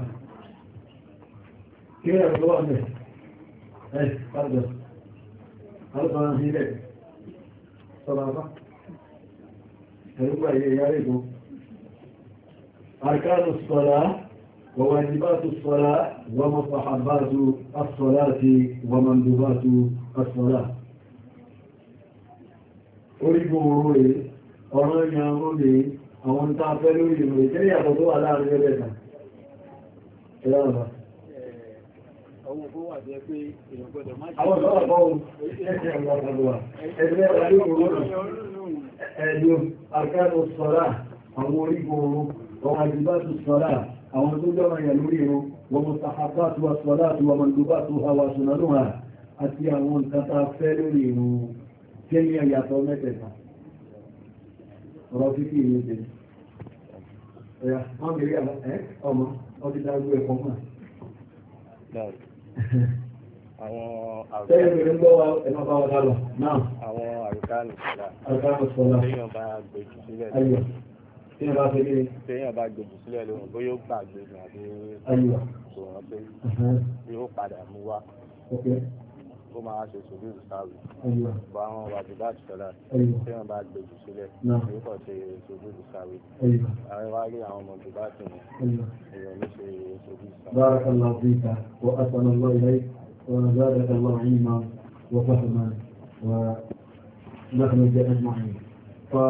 كيف يتوقف ايه قرب قرب انا هي لك صلاة هل هو يا أركان الصلاة وواجبات الصلاة ومستحبات الصلاة ومندوبات الصلاة orígun oró rẹ̀ ọ̀rọ̀ ìyàn oró rẹ̀ àwọn tá a fẹ́ lórí ìlú ìtẹ́rí àtọ́ tó wà láàrin ẹgbẹ́ ẹ̀ta ẹ̀rọ ọ̀rọ̀ àwọn ọ̀pọ̀ wà jẹ́ pé èèyàn gbọ́dọ̀ máa jẹ́ àwọn ọ̀pọ̀ ẹgbẹ́ ọ̀rọ̀ ọ̀rọ̀ ẹgbẹ́ ọ̀rọ̀ ọ̀rọ̀ ọ̀rọ̀ ọ̀rọ̀ àwọn tó jọ́mọ̀ yà lórí irun wọ́n mọ̀ sàhàbátù wa sọ́látù wa mọ̀lúbátù ha wa ṣùnàlúwà àti àwọn nǹkan tá a fẹ́ lórí irun tí ẹni àyàtọ̀ mẹ́tẹ̀ẹ̀ta ọ̀rọ̀ fífì ìlú ṣe ẹ̀yà wọ́n bèèrè ọmọ ọdí dágbó ẹ̀kọ́ mọ́ Àwọn àrùkánù sọ́lá tí wọ́n bá fẹ́ lé. téèyàn bá gbèbù sílẹ̀ lóhùn bóyá ó gbàgbé ní àbí kò rántí bí ó padà mú wá ó máa ṣe sùúrù sáwì bá wọn wà jù bá ti sọ́lá tí wọ́n bá sílẹ̀ yóò kàn ṣe sùúrù sáwì àwọn wá rí àwọn ọmọ jù bá mú èèyàn ló ṣe sùúrù sáwì. barakallahu fika wa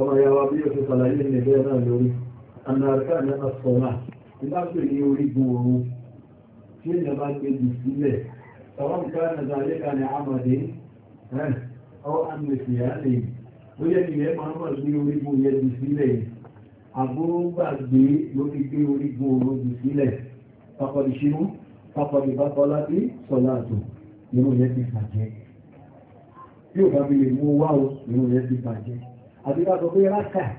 ọmọ ya wa bí o ṣe ṣàlàyé ní ẹgbẹ́ náà lórí anarika ní asọ́nà ìbáṣe ní orígun oru tí èèyàn bá gbé jù sílẹ̀ tàwọn nǹkan nàìjíríà lẹ́ka ní amadé ọ amèsì àlè ó yẹ kí ẹ máa mọ̀ sí orígun yẹn jù sílẹ̀ àbúrò gbàgbé ló fi gbé orígun oru jù sílẹ̀ pàkọ́dì ṣínú pàkọ́dì bí lè mú wá o irú ti bàjẹ́ àti ká sọ pé rákà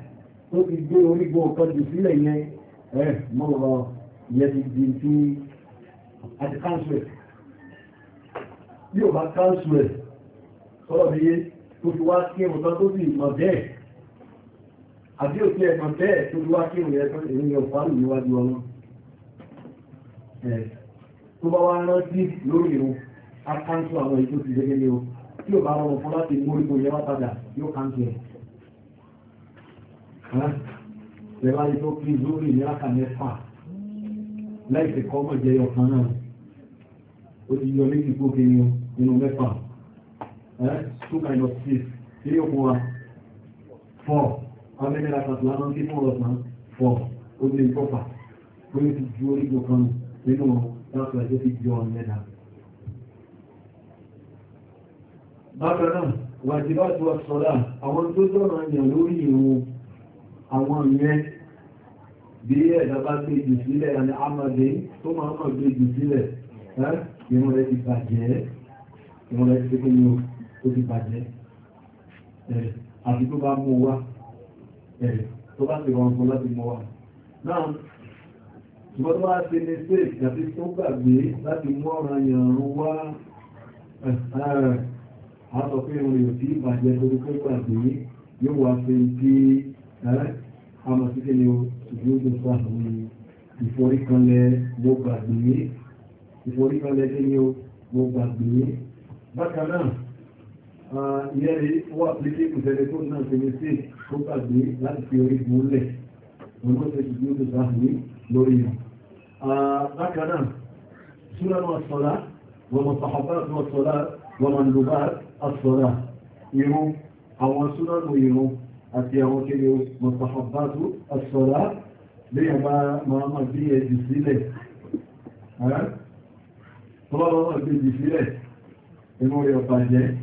tó ti gbé orígun ọ̀kan jù sílẹ̀ yẹn ẹ̀ mọ́ lọ yẹ ti di ti àti káńsù ẹ̀ bí ò bá káńsù ẹ̀ sọ́rọ̀ mi yé tó fi wá kí ẹ̀mọ̀ tán tó sì mọ̀ bẹ́ẹ̀ àbí òkú ẹ̀mọ̀ bẹ́ẹ̀ tó fi wá kí ẹ̀mọ̀ yẹn tán èyí yẹn fà lù níwájú ọlọ́ tó bá wá rántí lórí ìrún a káńsù se lẹ́wà yìí tó kí lórí ìlera mẹ́fà láìsí kọ́mọ̀ jẹ́ ọ̀kan náà ó ti yọ méjì tó kí nínú mẹ́fà two minus six three of one four no kàtó lánàá tí fún ọ̀sán four ó ní ìkọ́fà ó ní ti ju orígun kan nínú láti ẹjọ́ que ju ọ̀n mẹ́ta. bákan náà wàjibá tó wà sọ́dá àwọn tó dọ̀rọ̀ yàn lórí ìrun àwọn ìyẹn bí ẹ̀dá bá gbé jù sílẹ̀ àni amọ̀dé tó máa ń gbé jù sílẹ̀ ìwọ̀n rẹ̀ ti bàjẹ́ ìwọ̀n rẹ̀ ti pé ní o ti bàjẹ́ àti tó bá mú wá tó bá ti wọn fún láti mú wá náà ṣùgbọ́n tó bá ti ní sí ìgbàtí tó gbàgbé láti mú ọ̀ràn ìrànrún wá àtọ̀ pé ìrìn òtí ìbàjẹ́ torí pé gbàgbé yóò wá fi bí wọ́n lọ sí kí ni ìdúró tó àwọn ìforíkanlẹ̀ gbogbo àgbègbè ìforíkanlẹ̀ kí ni gbogbo àgbègbè bákan náà ìyẹn lè wà pété ìfẹ́lẹ́ tó náà ṣe ní sí tó gbàgbé láti fi orí gúnlẹ̀ òun ló ṣe ìdúró tó sáàmì lórí rẹ̀ bákan náà súra náà sọ́lá wọ́n mọ̀ sàkọ́bá náà sọ́lá wọ́n mọ̀ lùbá àsọ́lá irun àwọn súra náà irun àti àwọn kí ni mọ̀sàfàbátú àṣọ́lá léyà máa máa bí ẹjì sílẹ̀ tọ́lọ́wọ́ máa bí ẹjì sílẹ̀ inú rẹ̀ ọ̀pá jẹ́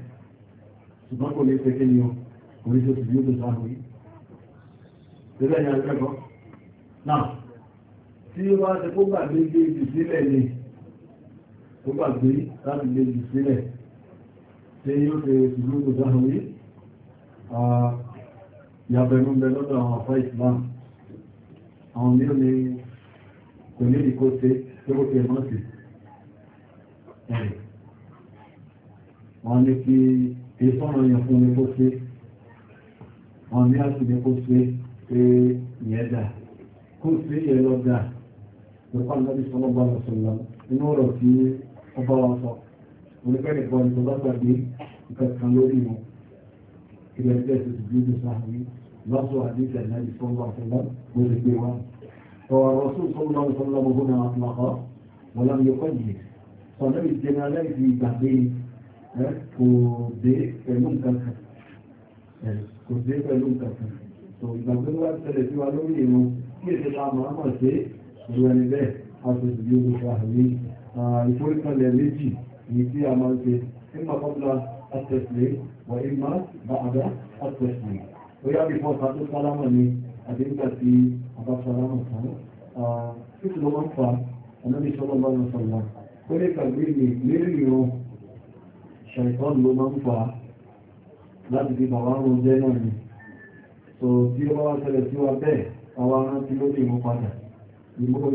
ṣùgbọ́n kò lè pẹ́kẹ́ ni kò ní tó ti yóò tó sáà rí tẹ́lẹ̀ ní sílẹ̀ ni kó gbàgbé ìyàbẹ̀nú bẹ lọ́dọ̀ àwọn afá islam àwọn mí ní kò ní ìkó tẹ́ tó tẹ́ mọ́ sí wọ́n ní kí ìfọ́nà yẹn fún ní kó tẹ́ wọ́n ní àti ní kó tẹ́ pé yẹn dà kó tẹ́ yẹn lọ dà lọ́pàá lọ́bí sọ́lọ́bà lọ́sọ̀lọ́ inú ọ̀rọ̀ tí ọba wa sọ oníkẹ́ni kan tó bá gbàgbé nǹkan kan lórí wọn ilẹ̀ ẹgbẹ́ ìṣèjì bí ó lọ́sọ̀ àdíkẹ̀ náà ìfọ́nbà fúnlọ́ lórí pé wá. Ọ̀rọ̀ Rasul sallallahu alaihi wasallam ọgbọ́n àwọn ọmọkọ́ wọ́n lọ́m yóò kọ́yì. Sọ̀nà ìjẹna láìsí ìgbàgbé kò dé pẹ̀lú nǹkan kan. Kò dé pẹ̀lú nǹkan kan. Sọ ìgbàgbé wá tẹ̀lé sí wa lórí ìrun kí èsì ta mọ̀ á mọ̀ sí ìlú ẹni bẹ́ẹ̀ a sì sì bí ogun fa àmì ìforíkanlẹ̀ méjì ní tí a máa ń ṣe. Ìmọ̀ kọ́bla àtẹ̀sílẹ̀ wọ̀ ìmọ̀ bàbá àtẹ̀sílẹ̀ bóyá bí fọ́ọ̀fà tó sálámà ni àti nígbà tí àbá sálámà tán títí ló máa ń fa ànábi sọ́lọ́ bá lọ sọ̀rọ̀ ó lè kàgbé ní lérí ìran ṣàìtàn ló máa ń fa láti fi bàbá ń jẹ́ náà ni so tí ó bá wá ṣẹlẹ̀ sí wa bẹ́ẹ̀ àwa rántí ló lè mú padà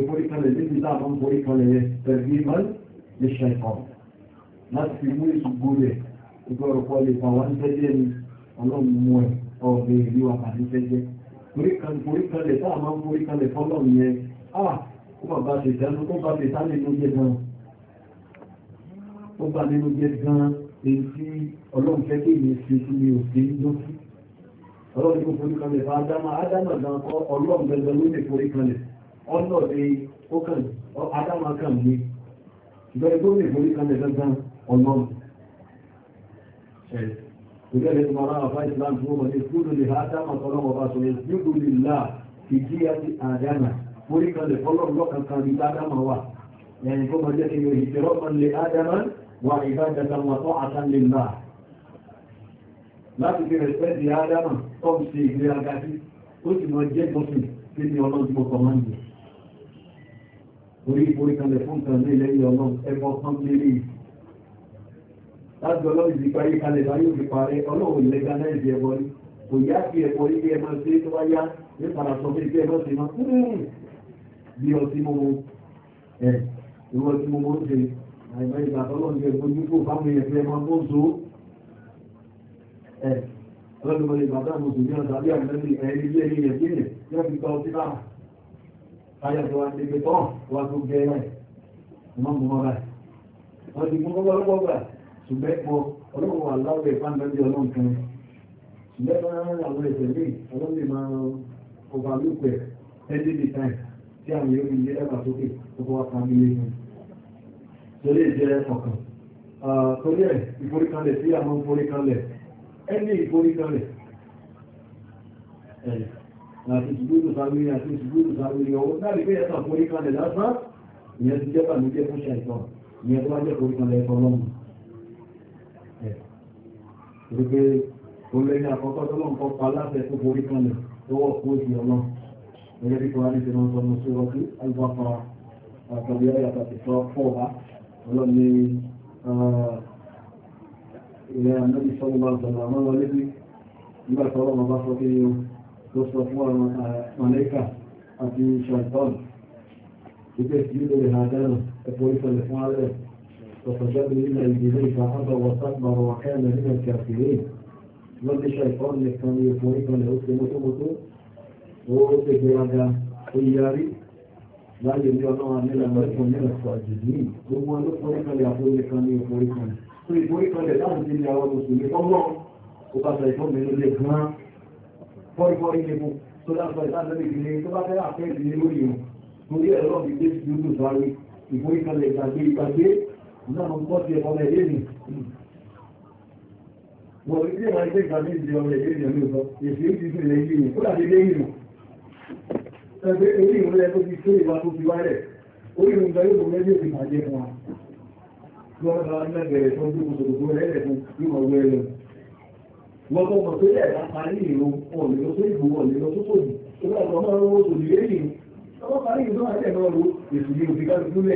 ìforíkalẹ̀ níbi tá a máa ń foríkalẹ̀ yẹ pẹ̀lú ìmọ̀ lè ṣàìtàn láti fi mú ìṣùgbó rẹ̀ ìgbọ́rọ̀pọ̀ lè fà ń tẹ́lẹ̀ ní ọlọ́run mú ẹ̀ ọ̀gbẹ̀ ìlú àbàdíjẹ́ jẹ́ oríkanlẹ̀ táà máa ń oríkanlẹ̀ fọ́lọ̀ yẹn ah ó bàbá ṣe dánú ó bá ṣe dánú ló jẹ́ gan ó bá nínú jẹ́ gan èyí tí ọlọ́run fẹ́ kí ìyẹn ṣe sí mi ò sí lókì ọlọ́run tó foríkanlẹ̀ fún ádámà ádámà gan kọ́ ọlọ́run gbẹgbẹ ló lè foríkanlẹ̀ ọlọ́ ni ó kàn ádámà kàn ní ìgbẹ́ tó lè foríkanlẹ̀ gangan ọlọ́run لذلك ما رأى في الإسلام هو يسجد لهذا ما طلب الرسول يسجد لله في جهة آدم خلق لقول الله كان آدم هو يعني كما جاء احتراما لآدم وعبادة وطاعة لله láti fi respect di ádámà tọ́bù sí ìgbé agadi ó sì mọ jẹ́ gọ́sìn tí ní ọlọ́run tí mo kọ̀ máa ń yẹ orí ìforí kalẹ̀ fún kan ní ilẹ̀ ìyọ̀lọ́ ẹgbọ́n kan lérí láti ọlọ́run ìdí parí kalẹ̀ láyé òfin parẹ́ ọlọ́run ìlẹ́gà náà ìdí ẹbọ ni kò yá kí ẹ̀kọ́ ilé ẹmọ sí tó wá yá ní padà sọ pé ìgbé ẹmọ sí mọ́ bí ọtí mo mo ẹ̀ ìwọ tí mo mo ń ṣe àìmọ́ ìgbà ọlọ́run ìgbà ìgbà ìgbà fáwọn èèyàn fẹ́ ẹmọ tó ń so ẹ̀ ọlọ́run ìgbà ìgbà táwọn oṣù mìíràn tàbí àmì ẹ̀rí ilé ẹ̀rí ẹ̀rí ẹ̀ ṣùgbẹ́pọ̀ ọlọ́run aláwọ̀ ìfàndọ́dí ọlọ́run kan ṣùgbẹ́pọ̀ àwọn ìṣẹ̀lẹ̀ ọlọ́run lè máa ọbàlúpẹ̀ every time tí àwọn yóò ní ẹgbà sókè ọkọ̀ àkàmìlẹ̀ yìí torí ìjẹ́ ọkàn torí ẹ̀ ìforíkanlẹ̀ sí àwọn ìforíkanlẹ̀ ẹni ìforíkanlẹ̀ àti ìṣùgbọ́dù sáré àti ìṣùgbọ́dù sáré ọwọ́ láti pé ẹ̀sà ìforíkanlẹ̀ lásán ìyẹn ti gbogbo olóyìn àkọ́kọ́ tó lọ́n kọ́ pa láti ẹ̀kọ́ borí kanlẹ̀ lọ́wọ́ fún òsì ọlọ́ gẹ́gẹ́ bí kọ́ra ní ṣe lọ́n sọ mọ́ sí ọkú alùpàpà àtàlẹ́ àyàtà ti sọ fọ́ wa ọlọ́ni ilẹ̀ anábì sọ́mọ́ bá sọ̀rọ̀ àmọ́ wọn lébi nígbà tọ́rọ̀ wọn bá sọ pé o tó sọ fún àwọn mọ̀lẹ́kà àti ṣàìtọ́n ìgbésí ìlú ìhàdánù ẹ̀kọ́ ìfọ̀lẹ̀ fún alẹ́ ففجر من أيديه فعبى واستكبر وكان من الكافرين والشيطان يكتم يكونك لأسلم ثبته وأسلم يرجع خياري لا يمكن أن نلعبكم من الصاجدين هو نصرك ليقول لك أن يكونكم فيكونك لأهل الله والمسلمين الله وقال شيطان من الإكرام fọ́rífọ́rí nípo tó dáṣọ ìtàlẹ́bì ìdílé tó bá fẹ́ àfẹ́ ìdílé lórí wọn torí ẹ̀rọ ìgbésí yóò tó sáré ìforíkalẹ̀ ìgbàgbé ìgbàgbé náà mo gbọ́ sí ẹ̀kọ́ ọmọ ẹ̀yẹ́ mi. Wọ́n rí sí ìwà ilé ìgbàmí ìdí ọmọ ẹ̀yẹ́ mi lọ, èsì èjì sí ilẹ̀ yìí, ó dàbí ilé ìrù. Ẹgbẹ́ orí ìrù lẹ tó fi tó ìwà tó fi wálẹ̀, orí ìrù gbẹ́ yóò gbẹ́ yóò fi bàjẹ́ fún wa. Wọ́n bá ń bẹ̀rẹ̀ tó ń dúró sòdòdó lẹ́lẹ̀ fún yóò wọ ẹlẹ̀. Wọ́n tó mọ̀ tó yẹ̀ bá parí ìrù, ọ̀nà lọ sí ìbò, ọ̀nà lọ sókò yìí, ó bá ọ̀nà máa ń rówó sòdì lẹ́yìn. Ọlọ́pàá yìí ló wà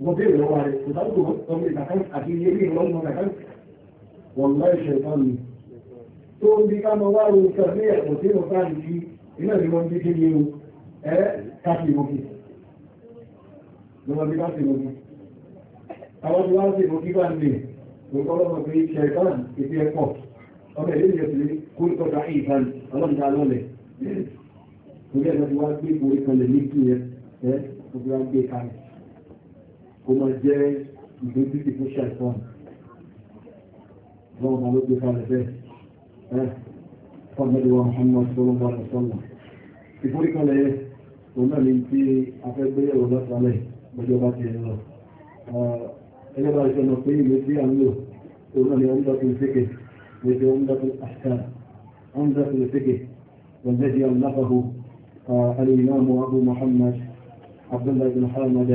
wọ́n bèèrè lọ́wọ́ rẹ̀ kò dájú kò tọ́mí ìdàkán àti iye ní ìlọ́mọ ìdàkán wọ́n láì ṣe tán ni tó ń bí ká mọ wá ro sọ ní ẹ̀kọ́ tí mo fáàlì sí iná ni wọ́n dídí ní o ẹ káfí ìmọ̀kì lọ́wọ́ bí káfí ìmọ̀kì àwọn tí wọ́n ṣe ìmọ̀kì bá ń lè lókọ́ lọ́mọ pé ṣe tán ìfi ẹ̀kọ́ ọmọ ìlú ìjọsìn kó ń tọ́ka ìfàn ọlọ́mọdé alọ́lẹ̀ torí ẹ̀dọ́ ti wá gbé ìforí kó mọ jẹ́ ìdójútì fún ṣàìsàn wọn ọmọ ló gbé kalẹ̀ bẹ́ẹ̀ fọ́nmẹ́lẹ́wà Muhammad sọ́lọ́mọ́ àtọ́sọ́lọ́ ìforíkalẹ̀ òun náà ní tí afẹ́gbéyẹ̀wò lọ́sàlẹ̀ gbọ́jọ́ bá ti lọ ẹgbẹ́ bá ṣe mọ̀ pé ìwé tí a ń lò òun náà ni ọmọdé fẹ́kẹ̀ lẹ́sẹ̀ ọmọdé àṣà ọmọdé fẹ́kẹ̀ والذي ألفه الإمام أبو محمد عبد الله بن حامد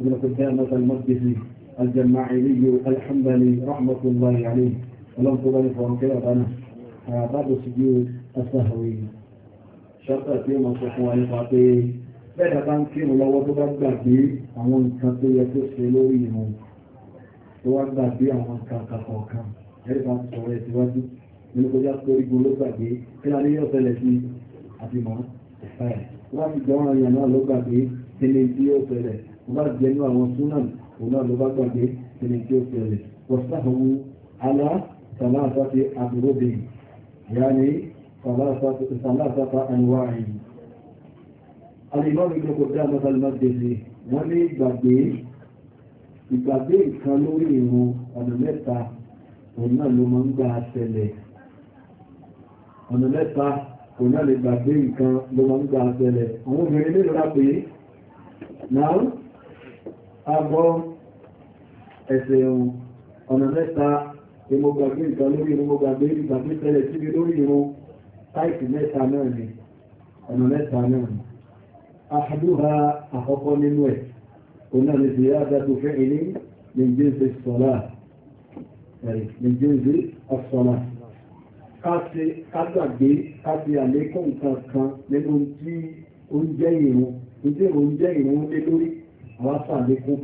بن قدامة المسجد الجماعيلي الحنبلي رحمة الله عليه ولم تبالي فرنكرة باب السجود السهوي ṣọ́tọ̀ tí ó mọ̀ sọ fún wa nípa pé bẹ́ẹ̀ta bá ń kírun lọ́wọ́ tó bá gbàgbé àwọn nǹkan tó yẹ tó ṣe lórí ìrùn tó wá gbàgbé àwọn nǹkan kọ̀ọ̀kan ẹ̀rí bá sọ̀rọ̀ ìsíwájú nínú kó já pé igun ló gbàgbé kí ni adé yóò fẹ́lẹ̀ sí àti mọ́ ẹ̀fẹ́ wọ́n ti gbọ́ ọ̀ràn yàn náà ló gbàgbé kí ni tí yóò fẹ́lẹ̀ mo bá jẹ́ inú àwọn súnàn òun náà ló bá gbàgbé kíni tí ó ṣẹlẹ̀ wọ́sáhùn alá sàlásàtì àbúróbì yáni sàlásàtà àníwáàyè alìmọ́bí tó kò dá mọ́sálímọ́ tẹ̀lé wọ́n ní ìgbàgbé ìgbàgbé nǹkan lórí ìrun ọ̀nà mẹ́ta òun náà ló máa ń gbà ṣẹlẹ̀ ọ̀nà mẹ́ta òun náà lè gbàgbé nǹkan ló máa ń gbà ṣẹlẹ̀ àwọn obìnrin nílò rà pé náà abọ́ ẹ̀sẹ̀ ẹ̀hùn ọ̀nà mẹ́ta ìmọ̀gbàgbé ìgbà lórí ìmọ̀gbàgbé ìgbàgbé tẹ́lẹ̀ síbi lórí ìrún táìsì mẹ́ta náà ni ọ̀nà mẹ́ta náà ni àdúrà àkọ́kọ́ nínú ẹ̀ òun náà ni ti yára tó fẹ́ ilé nìjíǹsì sọ́lá nìjíǹsì ọ̀sọ́lá kágbàgbé káti àlékún kankan nínú tí oúnjẹ ìrún oúnjẹ ìrún lé lórí àwọn afàlékún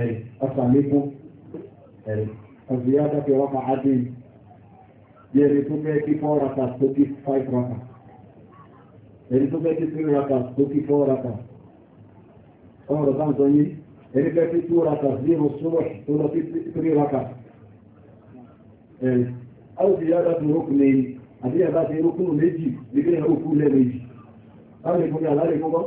ẹ̀rì afàlékún ẹ̀rì ọ̀sìyá dákẹ́ wọ́n máa dé yẹ̀rì tó fẹ́ kí fọ́ rata tó kí five rata ẹ̀rì tó fẹ́ kí three rata tó kí four rata ọ̀rọ̀ bá ń sọ yìí ẹ̀rì fẹ́ kí two rata zero súnmọ̀ tó lọ sí three rata ẹ̀rì ọ̀sìyá dákẹ́ rúkùnrin àbí àbá ti rúkùnrin méjì nígbẹ̀rẹ̀ òkú lẹ́ẹ̀mejì láàrin fún mi àlárẹ̀ fún wọn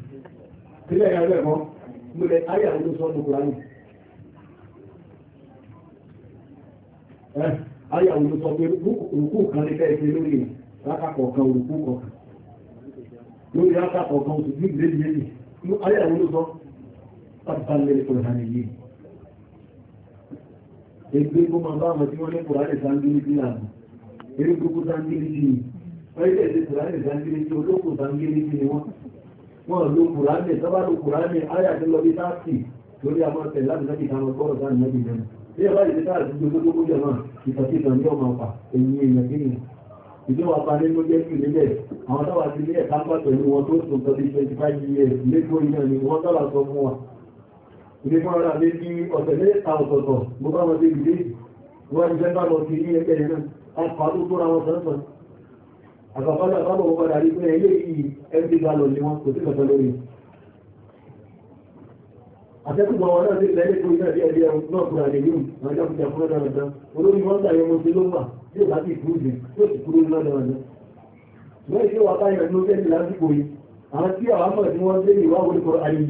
sílẹ̀ ẹ̀rọ rẹ̀ mọ́ mo lẹ ayé àwọn tó sọ ọ́ lókùnrin ní. ayé àwọn tó sọ pé òkú kan lè fẹ́ẹ́ ṣe lórí rákàkọ̀ kan òkú kọ̀ọ̀kan lórí rákàkọ̀ kan oṣù tí ìdílé yìí ní ayé àwọn tó sọ pàtàkì lẹ́lẹ́ kọ̀ọ̀kan nìyí. Ẹgbẹ́ kó máa bá àwọn tí wọ́n ní Kùránì sáńgírí bí àná. Eré gbogbo sáńgírí bí ni. Wọ́n yẹ kí bí olókùn sáńgírí bí wọ́n wọ́n ló kùránì tọ́bá ló kùránì ayàtí lọ bí táàkì lórí àwọn ọ̀tẹ̀ láti láti ìtàn sáà ní ọmọ ọ̀pá ni ìdí wà pa nínú jẹ́ sí nílẹ̀ àwọn tọ́wà sí ilé ẹ̀ka ń pà pẹ̀lú wọn tó sùn tọ́ bí 25 years lẹ́kọ̀ọ́ ìyàn ni wọ́n tọ́wà sọ fún wa ilé fún ara lé bí ọ̀sẹ̀ mẹ́ta ọ̀tọ̀ọ̀tọ̀ gbogbo àwọn ti dìde wọ́n ń jẹ́ bá lọ sí ilé ẹgbẹ́ náà àkọ́kọ́lọ́ ọ̀pọ̀ ọ̀pọ̀dà rí pé ẹlé yìí ẹgbẹ́ ìgbàlọ̀ ni wọ́n kò sí kọ̀tọ̀ lórí àtẹ́kùnmọ̀ wọn náà sí ìlẹ́lẹ́ fún iṣẹ́ ẹgbẹ́ ẹgbẹ́ náà kúrò àdé yìí wọn jẹ́ kúrò fún ọ̀dọ̀ ọ̀dọ̀ olórí wọn gbà yẹmọ sí ló wà tí ó bá ti kúrò jù tó sì kúrò ní ọ̀dọ̀ ọ̀dọ̀ wọ́n ṣe wà táyà ló fẹ́ lásìkò yìí àwọn tí àwọn mọ̀ tí wọ́n ṣe ìwà orúkọ ayé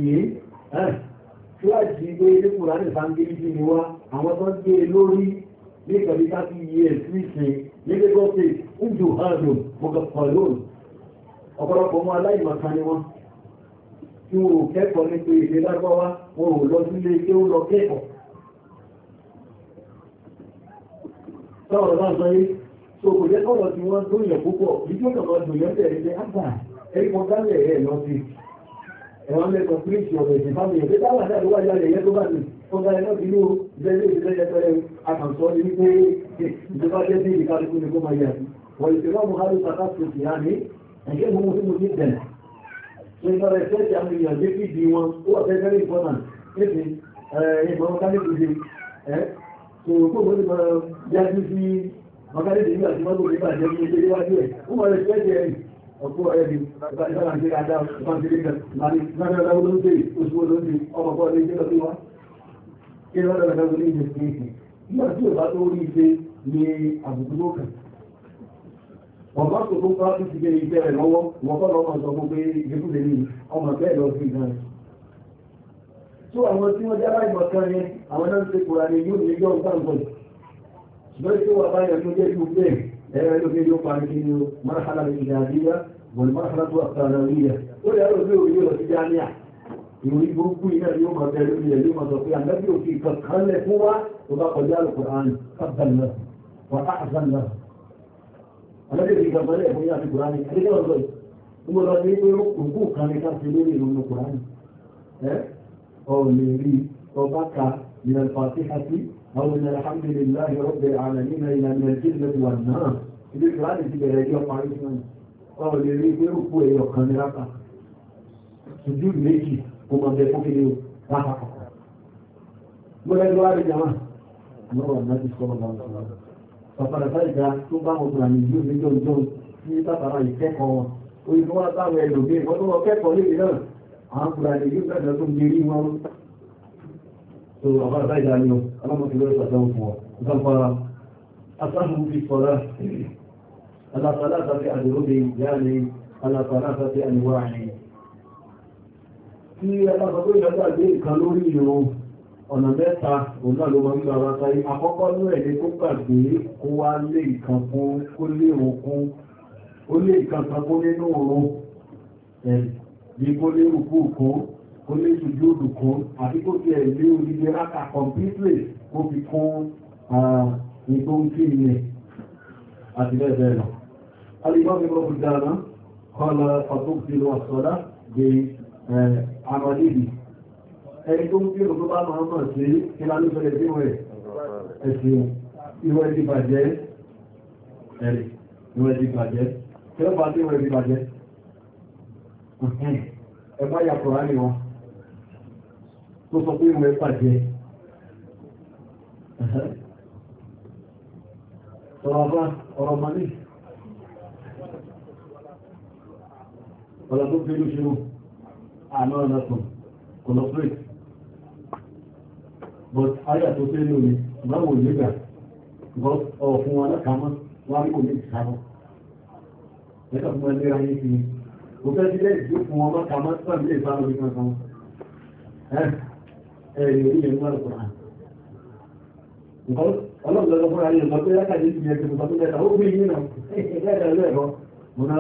síwájú pé ní kùránì sáńgé ní wá ní pẹ̀lú thirty years nísìn ní lagos state ń ju ààrùn mọ̀gàpọ̀lọ́n ọ̀pọ̀lọpọ̀ ọmọ aláìmọ̀ta ni wọ́n tí wọn ò kẹ́kọ̀ọ́ nípa èdè lárúbáwá wọn ò lọ sílé tí ó lọ kẹ́kọ̀ọ́ sọ̀rọ̀ náà sọ yìí tó kò jẹ́ kọ́lọ̀ tí wọ́n tó yẹ púpọ̀ ìjọ kọ̀ọ̀kan dùn yẹn tẹ̀lé pé ágbà ẹ̀rí kan dálẹ̀ ẹ̀ lọ sí ẹ̀wọ̀n lẹ́kọ̀ọ́ píríṣì ọ̀rọ̀ ìdìbàmì ẹ̀dẹ́gbàmà náà ló wáyé alẹ̀ yẹn tó bá ní ọ̀gá ẹ̀ náà ti ní o ìjẹ́lẹ̀ ìjẹ́lẹ̀ pẹ̀lẹ̀ àkànṣọ́ ní pé ìjọba jẹ́ sí ìkàlùkù ní kó máa yẹ wọ́n ìṣẹ́ wọ́n mú hálù sàkà tó sì á ní ẹ̀jẹ̀ mú mú sí mú sí bẹ̀rẹ̀ nígbà rẹ̀ fẹ́ ti àwọn èèyàn lékì di wọn ó wà fẹ́ fẹ́rẹ́ ìfọ́nà níbi ìmọ̀ mọ́kálẹ́kù ṣe ẹ́ tó kó wọ́n ti máa yájú sí mọ́kálẹ́kù nígbà tí wọ́n kò nígbà jẹ́ fún ìṣẹ́lẹ̀ wájú ẹ̀ ó wà rẹ̀ fẹ́ jẹ́ ọ̀pọ̀ ẹ̀rí ìbáraẹ̀ṣẹ́ àti àdá ìbáraẹ̀ṣẹ́ kí lọ́dọ̀ lọ́dọ̀ lórí ìṣe sí ìṣe nígbà tí ò bá tó rí ìṣe ní àbùkù tó kàn. wọ́n bá tó fún pàápàá ti gbé iṣẹ́ rẹ̀ lọ́wọ́ wọ́n kọ́ lọ́mọ sọ fún pé ìṣekú lè ní ọmọ bẹ́ẹ̀ lọ sí ìgbà rẹ̀. tó àwọn tí wọ́n jára ìmọ̀ kan yẹn àwọn náà ń ṣe kura yóò ní yọ̀ọ́ sáǹkọ̀ ṣùgbọ́n tí wọ́n bá yẹn tó jẹ́ ju bẹ́ẹ̀ ẹ̀rọ ló fi parí kí ni o mọ́ràkálà ìgbà àdíyá bọ̀lùmọ́ràkálà tó àkàrà ìròyìn burúkú iná yóò máa bẹ̀rẹ̀ ilẹ̀ yóò máa sọ pé àgbẹ̀bí òfin kankan lẹ̀ fún wa tó bá kọjá alukur'an kábàlá wà á àzánlá àgbẹ̀bí òfin kankan lẹ̀ fún yá alukur'an àdéhùn ọ̀sọ̀ yìí wọ́n lọ sí pé òkú kan ní káfí lórí ìlú alukur'an ẹ ọ lè rí ọba ka من الفاتحة أو من الحمد لله رب العالمين إلى من الجنة والنار إذا كان في بلادي وقعيش من أو لريد يركو إلى الكاميرا سجود ليكي kó mọ̀ bẹ fún kiri lápapọ̀. Gbọ́dọ̀ ẹgbẹ́ wárí jama, àmọ́wà náà ti sọ̀rọ̀ bá wọn sọ̀rọ̀. Bàbára bá ìgbà tó bá wọn gbà nìyí òní jọ jọ sí bàbára ìkẹ́kọ̀ọ́ wọn. Oyin tó wá sáwọn ẹlòmí ìwọ́n tó kẹ́kọ̀ọ́ lè náà, àwọn kùrà lè yóò bẹ̀rẹ̀ tó ń gbé rí wọn. So bàbára bá ìgbà ni o, ọlọ́mọ ti lórí pàtàkì fún ọ. Ìgbàmbara, asáhùn fi sọ̀rọ̀. Alàfàlà àti àdúrógbè ìyá ni, alàfàlà àti tí ẹgbàgbọ́ pé ìgbàgbàgbé ìkan lórí ìrun ọ̀nà mẹ́ta òun náà ló máa ń gba wa sáyé àkọ́kọ́ ní ẹ̀ ní kó gbàgbé kó wá lé ìkan fún kó lé òun kún ó lé ìkan kan kó nínú òun ẹ̀ bí kó lé òkú kún kó lé ìjú òdù kún àti kó fi ẹ̀ lé oríire ráka kó fi kún ní ń kí ni àti bẹ́ẹ̀ bẹ́ẹ̀ lọ. alìbáwí rọ̀bù dáná kọ́lá fàtókìlú àsọ̀dá gbé Eh, àmọ̀lìdì ẹni tó ń kí òkú bá máa mọ̀ sí ìlànà ìfẹ́lẹ̀ sí ìwẹ̀ ẹ̀sìn ìwẹ̀ ti bàjẹ́ ẹ̀rì ìwẹ̀ ti bàjẹ́ kí ló bá sí ìwẹ̀ ti bàjẹ́ ẹ̀fà yàtọ̀ rání wọn tó sọ pé ìwẹ̀ bàjẹ́ ọ̀rọ̀ mọ́lì ọ̀rọ̀ àná ọlọ́sùn kò lọ pray but ayé àtúnṣe ní omi báwo lè gbà because ọ̀fun wọn alákàámọ́ wọn á rí kò ní ìsámọ́ ẹ̀ka fún wọn léra yín sí i kò fẹ́ sílẹ̀ ìdí fún wọn alákàámọ́ tí wọ́n lè bá lórí kan kan ẹ̀ ẹ̀ yóò yẹ nígbà lọ́kọ̀ hàn because ọlọ́run lọ́dọ̀ fúnra yẹn lọ pé lákàdé ti yẹ kẹfẹ́ tó lẹ́ta ó gbé yín náà ẹ̀ẹ́dẹ́gbẹ̀rún ẹ̀rọ mọ́ná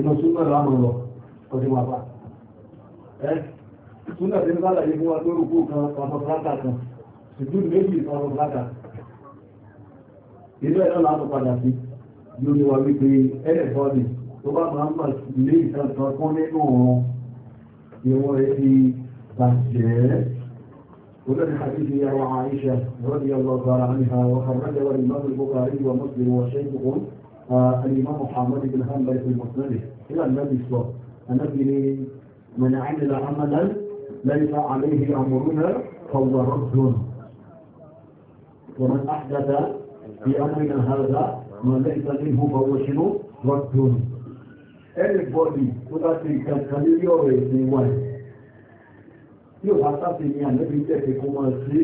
inú súnmọ̀ lámọ̀ lọ ọdí wà bá ẹ́ súnmọ̀ tí ń bá láyé fún wa tó rùkú kan pàtó fúláta kan ṣùgbọ́n méjì pàtó fúláta ilé ẹ̀rọ láàmú padà sí yóò ní wa wípé ẹ̀rẹ̀ bọ́ọ̀lì tó bá máa ń bà ilé ìtàn fún nínú ọ̀run ìwọ̀n rẹ̀ ti bàjẹ́ وذلك حديث يا عائشة رضي الله تعالى عنها وخرجه الإمام البخاري ومسلم وشيخهم الإمام محمد بن حنبل في مسنده إلى النبي صلى الله عليه وسلم من عمل عملا ليس عليه أمرنا فهو رد ومن أحدث في أمرنا هذا ما ليس منه فهو شنو رد Everybody tó bá ti kankan lórí ọ̀rọ̀ ìsìn wa tí ò bá sáfì ní àlẹ́bí jẹ́ kí kó máa sí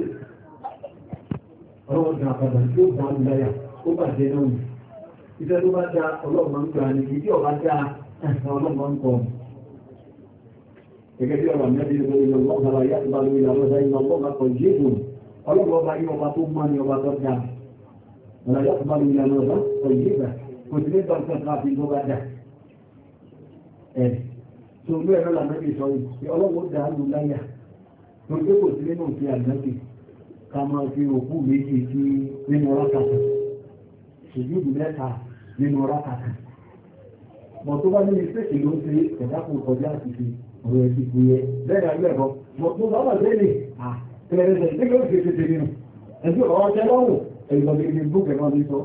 ọlọ́run ìgbà padà tí ó bá ń dáyà ó bàjẹ́ náà ìfẹ́ tó bá dá ọlọ́gbọ̀n gbà ní ìdí ọ̀bá dá ọlọ́gbọ̀n kọ̀. Gẹ́gẹ́ bí ọ̀rọ̀ mẹ́bí lórí ọlọ́gbọ̀n bá yàtọ̀ bá lórí àwọn ọ̀dá ìlú ọlọ́gbọ̀n kọ̀ yéèdùn. Ọlọ́gbọ̀n bá yín ọba tó mọ́ ní ọba tó dá. Ọ̀rọ̀ yàtọ̀ bá lórí àwọn ọ̀dá kọ̀ yéèdà. Kò sí ní dọ́kítà kan àfi tó bá dá. Ẹ̀ tó ló ẹ̀rọ là mẹ́bí nínú rákàtà mọ̀ tó bá ní ìfẹ́kì ló ń ṣe ẹ̀dákùn kọjá àtìsí ọ̀rọ̀ ẹ̀sìn kò yẹ bẹ́ẹ̀ ni àgbẹ̀bọ mọ̀ tó bá wà lẹ́lẹ̀ àtẹ̀rẹ̀sẹ̀ tí yóò ṣe tètè nínú ẹ̀sìn ọ̀rọ̀ ọjọ́ lọ́wọ́ ẹ̀yọ̀ lè ní búkẹ̀ náà ní sọ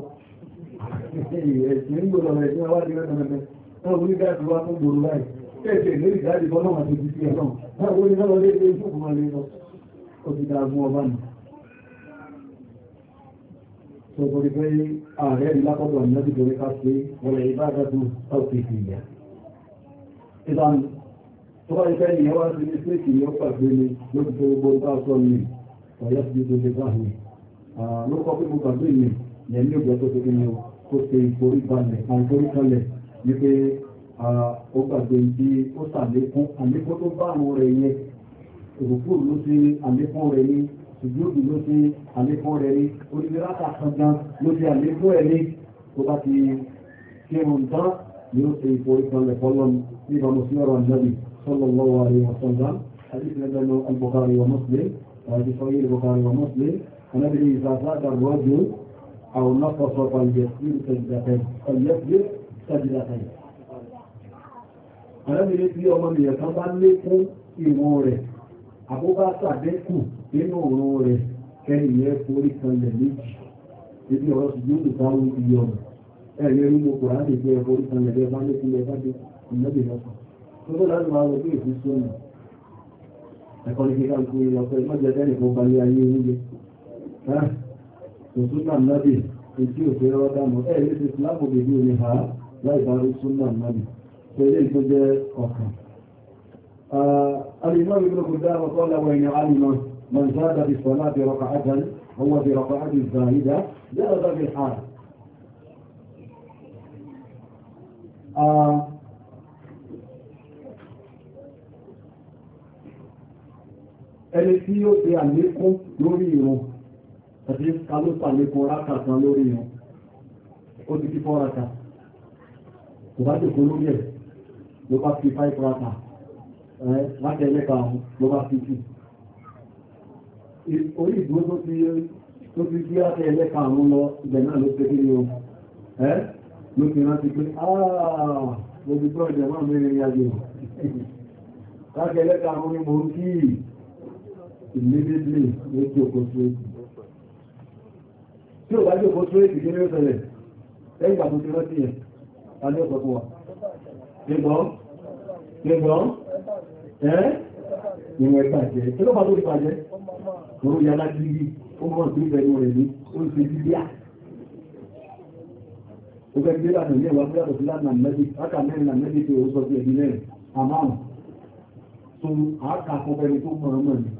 ẹ̀sìn ń gbọ́dọ̀ rẹ̀ ní ọwá ní rẹ̀ náà wọ́n ní dáàbò wá fún gbòòrò láì ẹ̀sẹ̀ lórí ní lọ́wọ́ torí pé ààrẹ rí látọ̀dọ̀ ìnájú torí ká ṣe wọlé ìbájáde ọ̀sẹ̀ ìgbìyà. ìlànà tó bá ìfẹ́ ìyẹn wá sí ní sílẹ̀kì ní ó ni lójú tó gbogbo bá sọ ní ọ̀yọ́ sí tó ṣe bá mi. ló kọ́ ni ó ṣe ìforí balẹ̀ kan ìforí kalẹ̀ ní pé ó gbàgbé tí ó ṣàlékún àlékún tó bá àwọn rẹ̀ yẹn òkú ló ṣe àlékún rẹ̀ ní ìjúùdù ló ti àlékún rẹ̀ ní orílẹ̀-èdè kankan ló ti àlékún ẹ̀ ní tó bá ti kírun tán ni ó ṣe ipò ìpínlẹ̀ fọ́lọ́n níbàmù sí ọ̀rọ̀ àjọ́bì sallallahu alaihi wasallam حديث لدن البخاري ومسلم وهذه صحيح البخاري ومسلم النبي إذا زاد الرجل أو نقص فليسجد سجدتين فليسجد سجدتين النبي يقول يوم يتبلق إموره أبو بكر nínú òun rẹ̀ ẹni yẹn forí kanlẹ̀ méjì ebi ọ̀rọ̀ sì yóò dùn káwọn ibi ọ̀nà ẹ̀rẹ́ nínú kòrán lè jẹ́ forí kanlẹ̀ bẹ́ẹ̀ bá lé sílẹ̀ bá dé ìmọ̀lẹ́ lọ́sàn tó tó láti máa lọ pé èsì sọ́nà ẹ̀kọ́ ní kíkà ń kúrò lọ́pẹ́ mọ́jẹ́ tẹ́lẹ̀ fún balẹ̀ ayé oúnjẹ tòtún náà nábì ètí òfin rọ́ dànù ẹ̀ lè ti jẹ́ ọ̀kan. Àlìmọ́ ìgbòkúdá ọkọ̀ làwọn ènìyàn á nìmọ́. من زاد بالصلاة ركعة هو بركعة زاهدة ذهب بالحال آه ẹni tí ó ṣe àlékún lórí ìrun àti kalópa lékún rákà kan lórí ìrun ó ti kíkọ́ rákà kò bá jòkó lórí ẹ̀ ló bá fi 5 rákà láti ẹlẹ́ka ló bá fi 2 orí ìdúró tó ti tó ti kí á tẹ́ ẹlẹ́ka àwọn lọ ibẹ̀ náà ló ṣe kíni o ẹ́ ló ti rántí pé áà ah, gbogbo gbọ́ ìjẹ̀ máa mẹ́rin yàgbé o káàkiri ẹlẹ́ka àwọn ni mo ń kí ìlédédé ló jòkó sí èkì tí ò bá jòkó sí èkì kí ní ó ṣẹlẹ̀ òun yà lágbírí ó mọ̀ sí ìfẹ́ ìwọ̀n ẹ̀mí ó ń ṣe bíbíà ó fẹ́ gbé lànà ní ẹ̀wà fúlàtọ̀ sí lànà mẹ́bí láka mẹ́rin lànà mẹ́bí tí ó sọ sí ẹ̀mí mẹ́rin àmàrùn tó àáka akọkẹni tó mọ̀ ọmọ ni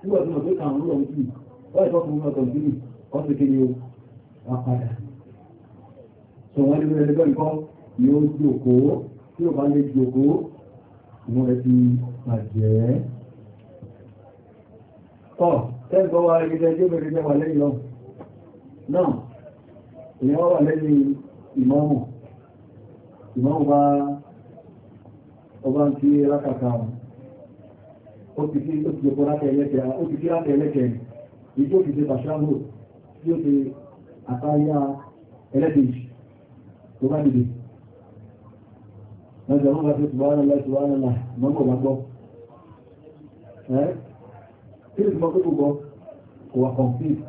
nígbà tí wọ́n tó kàn ń lọ sí wọ́n ẹ̀kọ́ fún ọkọ̀ sí ọ sì kéde o wà padà sọ wọ́n nínú ẹgbẹ́ nǹkan ni ó jòkó tí ò bá lè jòkó ìwọ̀n ẹ̀ ti bàjẹ́ tẹ́gbọ́ wa ìgbẹ́ tí ó bẹ̀rẹ̀ jẹ́ wà lẹ́yìn lọ náà èyàn wà lẹ́yìn ìmámù ìmámù bá ọba ń kí rákàtà ó ti kí ó ti jẹ́ kọ́rákà ẹlẹ́kẹ̀ ó ti kí rákà ẹlẹ́kẹ̀ ìjó ti ṣe pàṣáwò tí ó ti àtàyà ẹlẹ́kẹ̀ẹ́jì tó bá dìde lọ́jọ́ wọn bá fi tùwárà lọ́tùwárà náà mọ́mọ́ bá gbọ́ kí ló ti mọ́ pé kò gbọ́ kò wà complete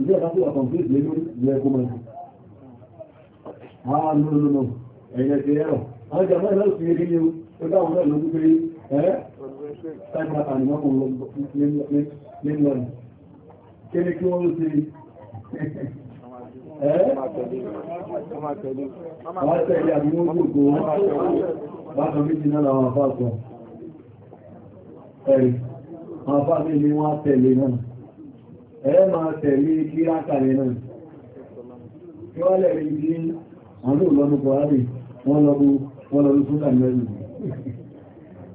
ìdí ẹ̀ka tó wà complete lé lórí ìlú ẹ̀kọ́ mọ́ ah, àwọn alùlùmọ̀ ẹ̀yẹ ti ẹ̀rọ àwọn ìjà mọ́ ìlú ìrìn ní o dá àwọn ìlú pé ẹ́ time map and mọ́kùn lẹ́nu kí ni kí wọ́n ló ṣe ẹ́ àwọn tẹ̀lé àbúrò gbogbo wọn bá sọ méjì náà làwọn àfáàkọ ẹ̀rì àwọn bá mi ni wọ́n tẹ̀lé náà ẹ máa tẹ̀lé kí látàrí náà kí wọ́n lẹ̀ rí bí àwọn tó lọ́nu buhari wọ́n lọ bú wọ́n lọ lọ́sùn náà lẹ́nu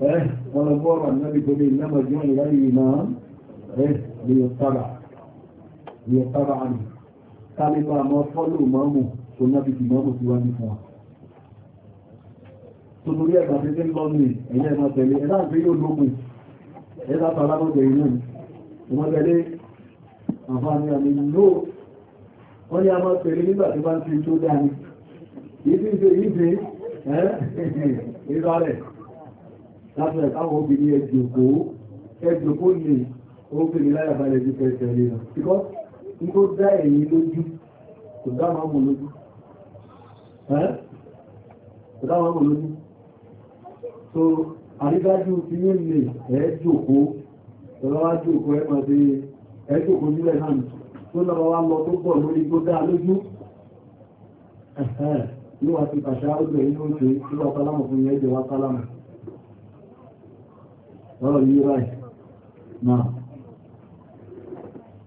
ẹ wọ́n lọ bọ́ọ̀rọ̀ náà tó lè lẹ́mọ̀ jù wọ́n ìráyè náà ẹ lè tàbà lè tàbà àmì tálíbà mọ́ fọ́lù mọ́mù tó náà fi mọ́mù lọ́nà ẹ̀yẹ́ máa tẹ̀lé ẹ̀ yóò lókun ẹ̀dá tàbátọ́jẹ̀ inú ìmọ́gẹ́lé àfáàní àmì ló wọ́n ni a máa pèrè nígbà tí bá ń fi tó dáni ìdí ìdí ìdí ìrọ̀ rẹ̀ látọ̀ àwọn obìnrin ẹjòkó ẹjòkó ní obìnrin láyàbalẹ̀ ju pẹ̀sẹ̀ rí lọ síkọ́ ní tó dá ẹ̀yìn lójú kò dá máa mú lójú kò dá máa mú lójú àrídájú ti ní lè ẹ́jòkó ẹ̀rọ́wájòkó ẹ̀mọ̀dé ẹ́jòkó nílẹ̀ náà tó lọ́wọ́ wá lọ tó pọ̀ lórí tó dá lójú ló wá ti pàṣẹ àrùgbẹ̀ inú òjò tí wà tálámù fún ẹjẹ̀ wá tálámù ọ̀rọ̀ yìí ráì náà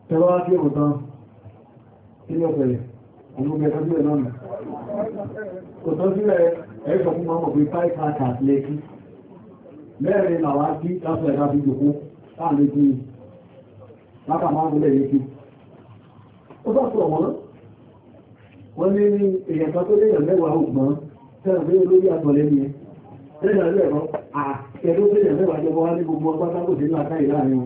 tẹ́wọ́ á kí òun tán kí ní ọ̀fẹ̀rẹ̀ àwọn ọmọ ẹ̀kọ́ sílẹ̀ náà kò tán sílẹ̀ ẹ̀kọ́ fún ọmọ pé 5 pack at lẹ́kí mẹ́rin làwá kí káfẹ́ ẹ̀dá fi jòkó láàrin kí látà máa gúnlẹ̀ yìí kí ó bá sọ̀rọ̀ wọ́n wọ́n ní èèyàn kan tó léèyàn mẹ́wàá ògbọ́n tẹ́rẹ̀ pé olórí àtọ̀lẹ́ ni ẹ ẹ̀rọ àkẹ́ló léèyàn mẹ́wàá gbogbo ọgbà sábò sí nílá káyì láàrin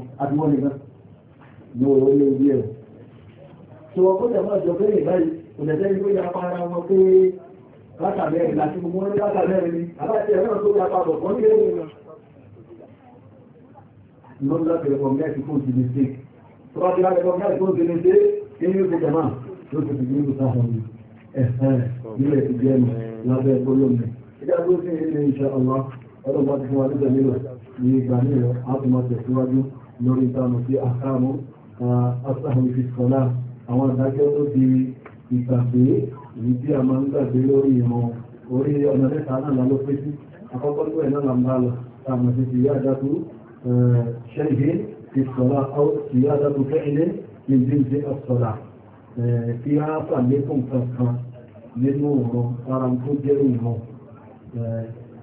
tó ọkọ̀ tẹ̀ máa ní pé yapa ló ń láti rẹ̀kọ̀mẹ́ẹ̀tì kó ti lè ṣe tó bá ti láti rẹ̀kọ̀mẹ́ẹ̀tì kó ti lè ṣe inú ìlú jama ló ti fi nínú sáfà mi ẹ̀sán nílẹ̀ ti jẹ́ mi lábẹ́ gbólómi ìjà tó sì ń lè ṣe ọlá ọdún bá ti fún wa nígbà nílò ní ìgbà nílò a ti máa tẹ̀síwájú lórí ìtàmù sí àkáàmù asáhùn ìfìsọ́lá àwọn àdájọ́ tó di ìgbàgbé èyí tí a máa ń gbàgbé lórí ìmọ̀ orí ọ̀nà mẹ́ta náà lálọ́pẹ́ sí àkọ́kọ́ tó ẹ̀ náà là ń bá lọ tá a mọ̀ sí ti yá àdá tó شيء في الصلاة أو سيادة فعل من جنس الصلاة فيها صليكم فسخا لنور قرم كجريهم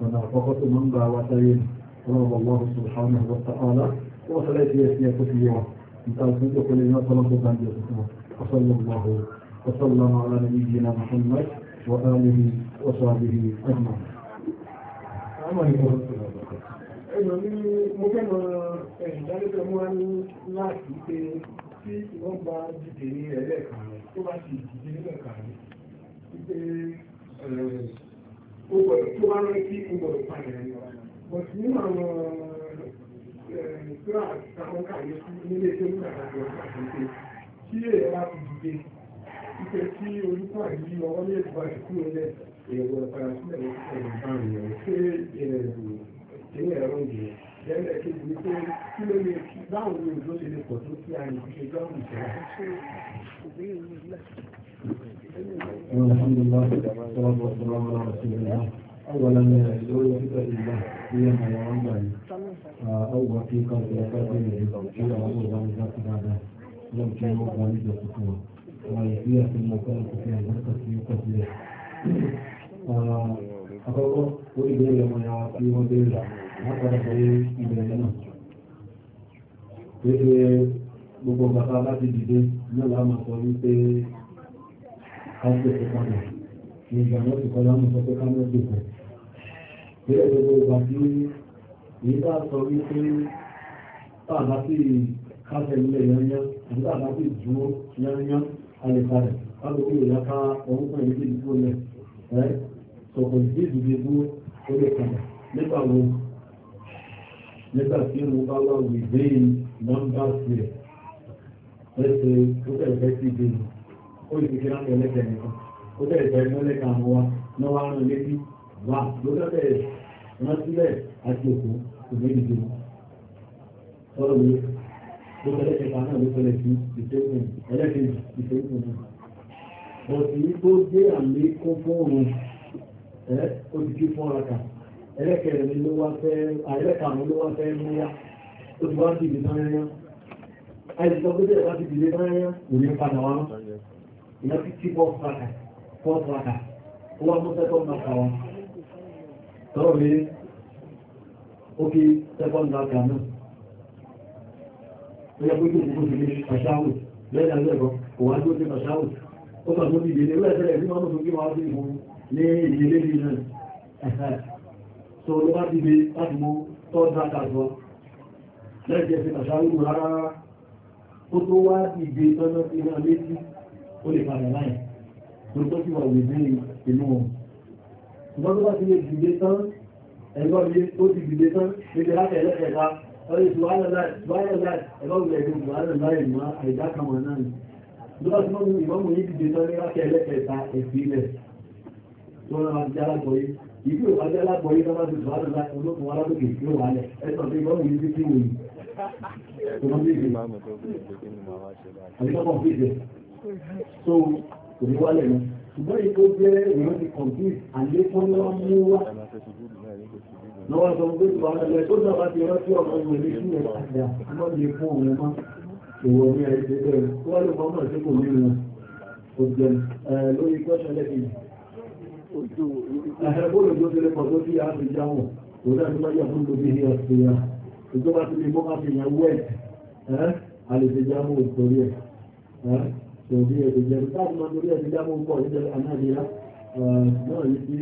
ونافقة من دعوتين رضى الله سبحانه وتعالى وصلاة يسيا كثيرا انتظروا كل يوم صلاة بانجزكم وصلى الله وسلم على نبينا محمد وآله وصحبه أجمعين ẹ̀rọ ní mo fẹ́ mọ ìdánilẹ́kọ̀ọ́ mú wá ní láti pé tí wọ́n gba dìde ní ẹlẹ́ẹ̀kan rẹ̀ tó bá ti dìde ní ẹ̀ka rẹ̀ wípé tó bá rán sí ó gbọ́dọ̀ padà rẹ̀ bọ̀ sí nínú àwọn ìṣúra àwọn kàwé nílé tó ń kàwé ọ̀gá àti pé tí èèyàn bá ti dìde ipe tí olùkọ́ àyíyí ọwọ́ ní ètò àṣìkú ilẹ̀ èèyàn gbọ́dọ̀ padà sílẹ̀ lọ́sọ̀rọ̀ bá rẹ̀ ní ẹ̀rọ ìgbìyàn lẹ́lẹ̀ kejì ní pé kí ló lè kí báwọn ní ìlú ṣe lè pọ̀ tó kí a lè ṣe jọ́ ìṣẹ́lẹ̀. الحمد لله والصلاة والسلام على رسول الله أولا يقول لك الله هي ما يعمل أو وفيك وفيك وفيك وفيك وفيك لو كانوا والد الخطوة ويبيع في المكان في البركة في قتله àkọ́kọ́ ó ìbéèrè ọmọ ya tí wọ́n béèrè àwọn ọ̀pọ̀lọpọ̀ pé ìbẹ̀rẹ̀ náà pé gbogbo bàbá bá ti dìde náà láàmà sọ wípé káńtẹ̀ẹ̀kọ́ kan nà ní ìgbà náà ti kọ́ láàmà sọ pé káńtẹ̀ẹ̀kọ́ kan pé gbogbo ìgbà tí èyí bá sọ wípé bàbá sì káṣẹ̀ nílẹ̀ yányá àti bàbá sì dúró yányá alẹ́ kalẹ̀ káàkiri ìyá ká orúkọ ìdílé ìdúró lẹ̀ kò sí ìdìbò orí kan nípa wo nígbà tí mo bá wà within nọ́mbà rẹ̀ lẹ́sẹ̀ ó bẹ̀rẹ̀ fẹ́ sí ìdènà ó lè fi kíláàpù ẹlẹ́kẹ̀ẹ́ nìkan ó bẹ̀rẹ̀ fẹ́ mọ́lẹ́kà àwọn wa náà wá rán létí wà ló bẹ̀rẹ̀ rántílẹ̀ àti òkú kò ní ìdìbò sọ̀rọ̀ mi ló fẹ́ lẹ́kẹ̀ẹ́ta náà ló fẹ́lẹ̀ sí ìṣẹ́gun ẹlẹ́kẹ̀ẹ́ ìṣẹ́gun náà bọ̀sì tó dé àmì kó fóònù ẹ́ ó ti kí fún ọ̀rọ̀ kan ẹlẹ́kẹ̀rẹ̀ mi ló wá fẹ́ àìlẹ́kà mi ló wá fẹ́ mú wá ó ti wá sí ìdí tán yẹn àìsíkọ́ pé bẹ́ẹ̀ bá ti dìde tán yẹn kò ní padà wá ìyá ti kí bọ́ọ̀ pàkà bọ́ọ̀ pàkà ó wá mú sẹ́kọ̀ọ́ pàkà wá tọ́rọ̀ mi ó kí sẹ́kọ̀ọ́ pàkà náà ó yẹ kó tó kó ti lé pàṣáwò lẹ́yìn àgbẹ̀kọ̀ kò wá tó ti pàṣáwò ó kà tó ti dìde ó yẹ ní ìdílé nínú ẹ̀hẹ́ tó ló bá dìde láti mú tọ́jú àkàtọ́ lẹ́jẹ́ sí àṣàrùrù rárá ó tó wá dìde tọ́nà sí náà létí ó lè padà láì tó tó sì wà wè ní ìlú wọn ṣùgbọ́n tó bá ti lè dìde tán ẹ̀gbọ́n mi ó ti dìde tán níbi láti ẹlẹ́kẹ̀ẹ́ta ọdún ìṣùwárẹ̀ láì ẹ̀gbọ́n mi ẹ̀gbọ́n mi wà láì mọ́ àìdákan wọn náà ló bá ti mọ́ ìmọ́mù yìí dìde tán ní láti ẹlẹ́kẹ̀ẹ́ta ẹ̀fí ilẹ̀ tó wọ́n máa jẹ́ alágbọ̀yé ìdí ò bá jẹ́ alágbọ̀yé tó bá ti sọ àdúrà olókun alágbòkè tí ó wà lẹ̀ ẹ̀sọ̀ tó gbọ́n yìí sí kí wò yìí tó máa bí ìgbé àdìgbọ́n bí ìgbé so kò ní wálẹ̀ lọ ṣùgbọ́n èyí tó jẹ́ èèyàn ti complete àlékún lọ́wọ́ mú wá lọ́wọ́ sọ pé tó bá lẹ̀ tó sábà ti rántí ọmọ ìwé ní sí ẹ̀ wọ́n lè fún òun mọ́ ìwọ ní ẹ̀ tó wá lè fọ́ mọ̀ sí òjò ẹ̀ẹ́bọ́lù tó tẹ́lẹ̀ pọ̀ tó tí a fi jáwọ̀ kò dá tó bá yà fún lóbi ní ọ̀sẹ̀ ya tó bá ti lè mọ́ máa fi yàn wẹ̀ ẹ́ a lè fi jáwọ̀ torí ẹ̀ ẹ́ tó bí ẹ̀ tó jẹ́ tó bá torí ẹ̀ fi jáwọ̀ pọ̀ níjẹ́ anáyíra náà yìí tí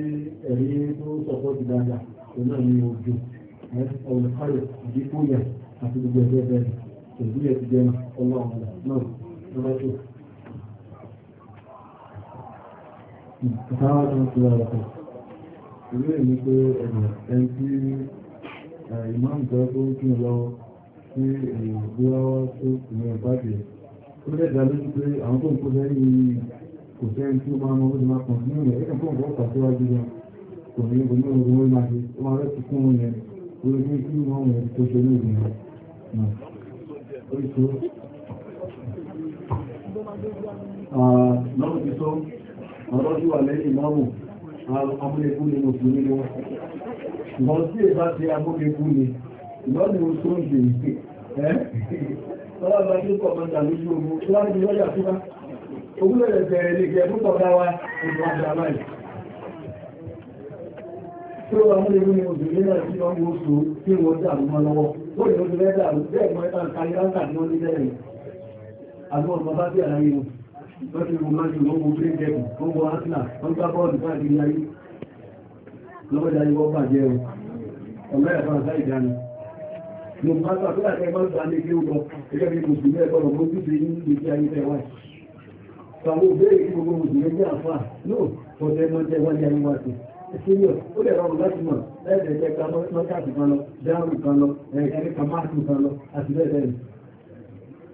ẹ̀rí tó sọ̀kọ́ ti dáadáa tó náà ní òjò Ìtàwọn ọdún ti wà lọ́pọ̀. Ilé ìlú pé ẹ̀rọ ẹni tí ìmáàmù jẹ́ tó ń kí lọ́wọ́ tí èèyàn gbé wá tó ìmọ̀ ìpàdé. Ó lè dá lójú pé àwọn tó ń kó lẹ́yìn kò fẹ́ tí ó máa mọ́ ó ti máa kàn nínú ẹ̀ ẹ̀kọ́ ọ̀pọ̀ ọ̀pọ̀ síwájú náà kò ní ìbò ní ọ̀rọ̀ orí máa ṣe ó máa rẹ́ ti kún un yẹn orí ní kí wọ́n mọ̀ tó ṣe ní ìgbìmọ̀ náà. Orí tó. Lọ́wọ́ ti sọ àwọn tí wà lẹ́yìn ìmọ́mù amúlẹ́kú ni mùsùlùmí ni wọ́n ṣùgbọ́n tí è bá ti amúlẹ́kú ni ìlọ́ni mo tó ń ṣe ìpè ẹ́ ọlọ́gbà tí kọ̀ mọ́ta lójú ogun láti lọ́jà tí wá ogúnlẹ̀lẹ̀ bẹ̀rẹ̀ lè gẹ̀ púpọ̀ dáwà ìgbàjà láì tí wọ́n ti mú májú wọ́n mú bí jẹ́ wọ́n wọ́n átlà wọ́n gbá bọ́ọ̀lù káàkiri ayé lọ́wọ́dá ni wọ́n bàjẹ́ o ọ̀lá ẹ̀fà àṣà ìdáni mo bá gbà tó láti ẹgbọ́n tó alé kí ó lọ gẹ́gẹ́ bí mùsùlùmí ẹgbọ́n mo tún ṣe ní ìgbésí ayé tẹ wáyé sàwọn òbéèrè kí gbogbo mùsùlùmí jẹ́ àfà ló fọ́tẹ́ mọ́ jẹ́ wáyé ayé wá sí senior ó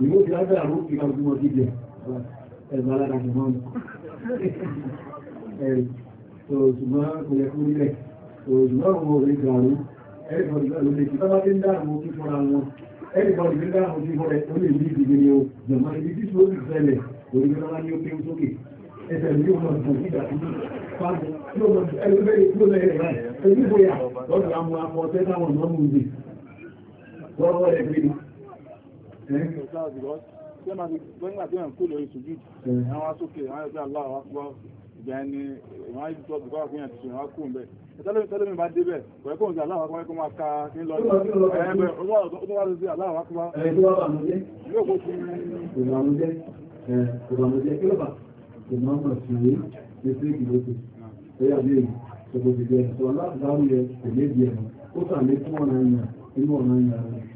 ìlú ti láti àrùn ìgbà ojúmọ̀ jíjẹ ẹ̀bà alára ni wọ́n ẹ̀rì tó ṣùgbọ́n kò yẹ kú nílẹ̀ tó ṣùgbọ́n ọmọ orí gàrú ẹ̀rìbọ̀dì lọ́lọ́ lè kí bá bá ti ń dáàmú kí fọ́ra wọn ẹ̀rìbọ̀dì lè dáàmú kí fọ́ra ó lè ní ìdíje ni ó jọ̀mọ́ ibi tí ó ti ṣẹlẹ̀ orí gbọ́dọ̀ wá ní ó kéwú sókè ẹsẹ̀ ní ọmọ ìbò ìgbà tí ó mọ̀ ẹlẹ́gbẹ̀rẹ̀ tó lẹ́yìn rẹ̀ ẹ̀rìbọ̀yà lọ́dọ̀ àwọn akọ̀ tẹ́tàwọn ọmọ mú Tẹ́lẹ́mì bá débẹ̀, pẹ̀lú ìjọ aláwọ̀kọ́ ẹkọ́ máa ká kí lọ ẹgbẹ̀ olúwàdúgbà aláwọ̀kọ́. Ẹgbẹ̀ ọbàmújẹ́, yóò kó fún ìrànújẹ́, ìrànújẹ́ kí lọ́bà, ìmọ̀ọ́mọ̀ sí ẹgbẹ̀ ìgbòkè, ẹyà bí i, ṣogbo ti jẹ́ ẹ̀sọ́ aláàbùdáwù yẹ, kò ní bí ẹ̀mọ̀, ó tà ní fún ọ̀nà ìyàn. المؤمنين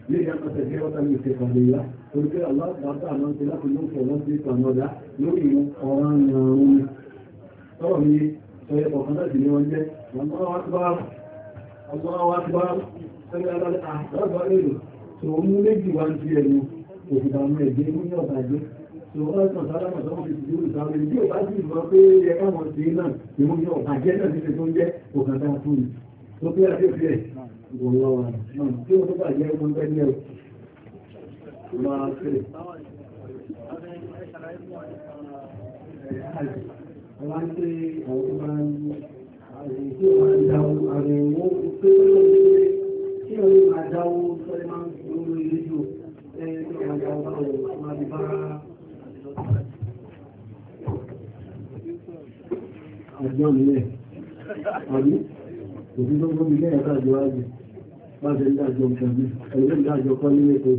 ليحق تكيرة الاستقلالية تلك الله تعطى عمان سلاك النوم سلام في قنودة يؤمن قرآن نوم طرمي سيد وقناة بنيوانجة الله أكبر الله أكبر سيد الأحزاب إلو سومو لجي وانجي إلو وفدامو لجي من يوتاجي Ìwọ́n ẹ̀sán sára mọ̀sánmọ́ fi ṣùgbọ́n ìsáwọ̀ ìdí ò bá sì sọ pé ẹ̀ká mọ̀ sí náà, ìmú yọ ọ̀tàjẹ́ náà ti ṣe tó ń jẹ́ òkàtà fún mi. Tó pé àti òfin ẹ̀. Ìwọ̀lọ́wà náà tí ó tó bàjẹ́ ọmọ ẹgbẹ́ ní ọ̀pọ̀ máa fẹ́. Àwọn àti àwọn ọmọ àrẹ̀ tí ó máa dáwó àrẹ̀ ìwọ̀n pé ó lọ́wọ́ tí ó máa dáwó sọ́lẹ́ máa ń gbóró ilé jù ẹni tó máa dáwó máa bí bá àjọ nílẹ̀. Àbí? Òfin tó gbóbi lẹ́yìn wọ́n ti ń dájọ́ ìkàmí ẹ̀lẹ́ ìdájọ́ kọ́ nílé tó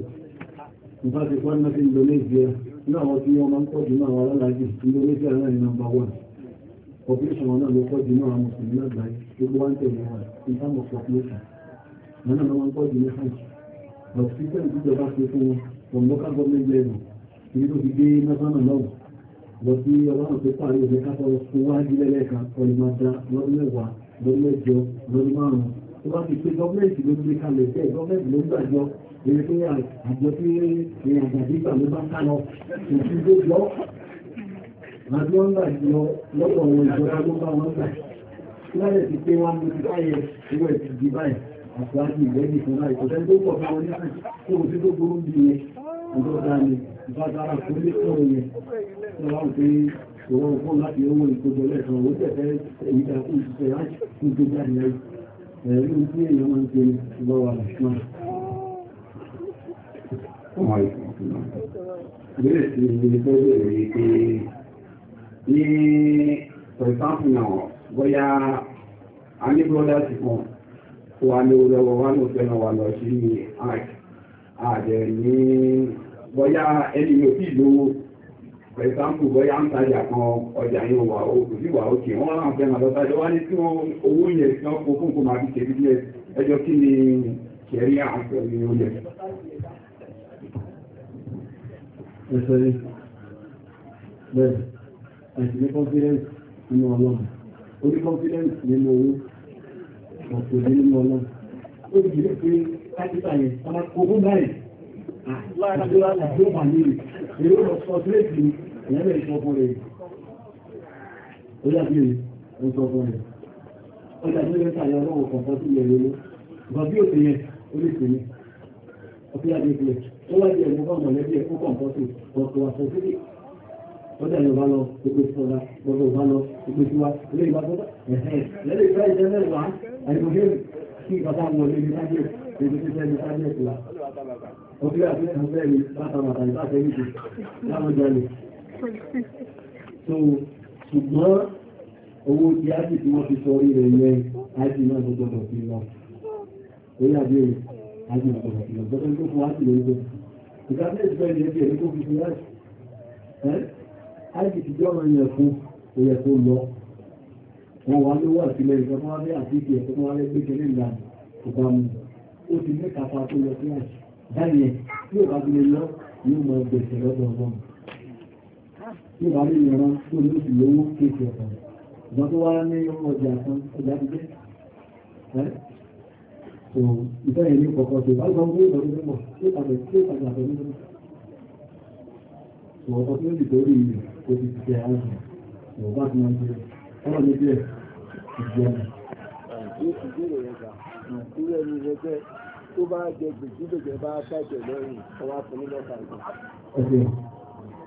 nípa ti kọ́ ní Indonesia ní àwọn tí wọ́n máa ń pọ̀jù náà wọ́n lálájì Indonesia náà ní nọ́mbà wọn population wọn náà ló pọ̀jù náà àwọn mùsùlùmí lágbàáyé gbogbo wọn tẹ̀lé wọn in terms of population wọn náà máa ń pọ̀jù ní hajj but system ìjọba ṣe fún wọn from local government level èyí tó fi dé national level lọ sí ọlọ́run tó pààrọ̀ ìgbẹ́ká sọ̀rọ̀ fún wájú lẹ́lẹ́ka ọ̀lùmọ̀dá lọ́dún mẹ́wàá lọ́dún mẹ́jọ lọ́dún márùn-ún tó bá pé gọ́ọ̀mẹ̀ntì ló gbé kalẹ̀ bẹ́ẹ̀ gọ́ọ̀mẹ̀ntì ló gbàjọ èyí pé àjọ tí èèyàn àgbàdì ló bá ká lọ kò tó jọ àjọ ń gbà jọ lọ́pọ̀ àwọn ìjọba ló bá wọn gbà láyẹ̀ ti pé wọ́n mú ti báyẹ̀ owó ẹ̀ ti di àti láti ìgbẹ́ni fún láì kò tẹ́lẹ̀ tó pọ̀ fún wọn ní kò sí tó burú bí i ọjọ́ dání ìbádára fún lé fún òye tó wá pé òun fún láti owó ìkójọ lẹ́sàn ó tẹ̀fẹ́ èyí pẹ̀lú tí èèyàn máa ń ṣe lọ́wọ́ àìsàn ọmọ ìfọ̀kùn ní pẹ̀sáfù náà ní bọ́dá wà lọ sí àjẹ́ ní bóyá ẹni yóò sì lówó ẹ̀sánpù bọ́yá ń tajà kan ọjà yóò wà òkú sí wà òkè wọ́n láwọn fẹ́ lọ tajà wá ní tí owó yẹ tí wọ́n kó fún máa fi ṣe bí ẹjọ́ kí ni kẹrí àǹfẹ́ ní oúnjẹ. ẹsẹ̀ rí bẹ́ẹ̀ àti ní confidence nínú ọlọ́run ó ní confidence nínú owó ọ̀pọ̀ nínú ọlọ́run ó ti jẹ́ pé kápítà yẹn ọmọ kókó báyìí àti ìjọba àti ìjọba nílùú èrò lọ sọ sílẹ̀ sí ìyẹn lè sọ fún rẹ̀ ó yàbí rẹ̀ ó sọ fún rẹ̀ ó yàbí rẹ̀ sàyẹ ọlọ́wọ̀ kọ̀ọ̀kan sí ilẹ̀ rẹ̀ lọ bí ó ti so ṣùgbọ́n owó tí a sì tí wọ́n fi sọ ilẹ̀ yẹn àti náà tó gbọdọ̀ fi lọ orí àbẹ̀rẹ̀ àti náà gbọdọ̀ fi lọ gbọdọ̀ tó fún àti lórí lọ ìgbàgbé ìgbà ilẹ̀ bí ẹni tó fi fi láti ẹ́ àìsí ti jọ́ ọ̀rọ̀ yẹn fún oyè tó lọ wọn wà lówó àtìlẹ̀ ìjọba wọn bẹ́ àti ìgbẹ̀ tó wọn lẹ́ gbé kẹlẹ́ ìlànà kò bá mu ó ti mẹ́ka pa tó lọ sí àṣì báyẹn tí ò bá fi lọ yóò mọ ẹgbẹ̀sẹ̀ lọ́dọ̀ ọlọ́run tí wà ní ìran tó ní ìlú owó kéèkì ọ̀pọ̀ ìgbọ́n tó wá ní ọjà kan ọjà ti jẹ́ so ìfẹ́ yìí ní kọ̀kọ́ tó bá gbọ́n gbé ìtọ́jú mímọ̀ tí ìpàdé tí ìpàdé àtọ́ nínú so ọkọ̀ tó lè torí ìlú kò ti tẹ àwọn ọ̀rọ̀ bá ti máa ń jẹ ọ̀rọ̀ ní bẹ́ẹ̀ ìjẹ́ mi. ìdílé ní ẹgbẹ́ tó bá jẹ gbèsè gbèsè bá bàjẹ́ lọ́rùn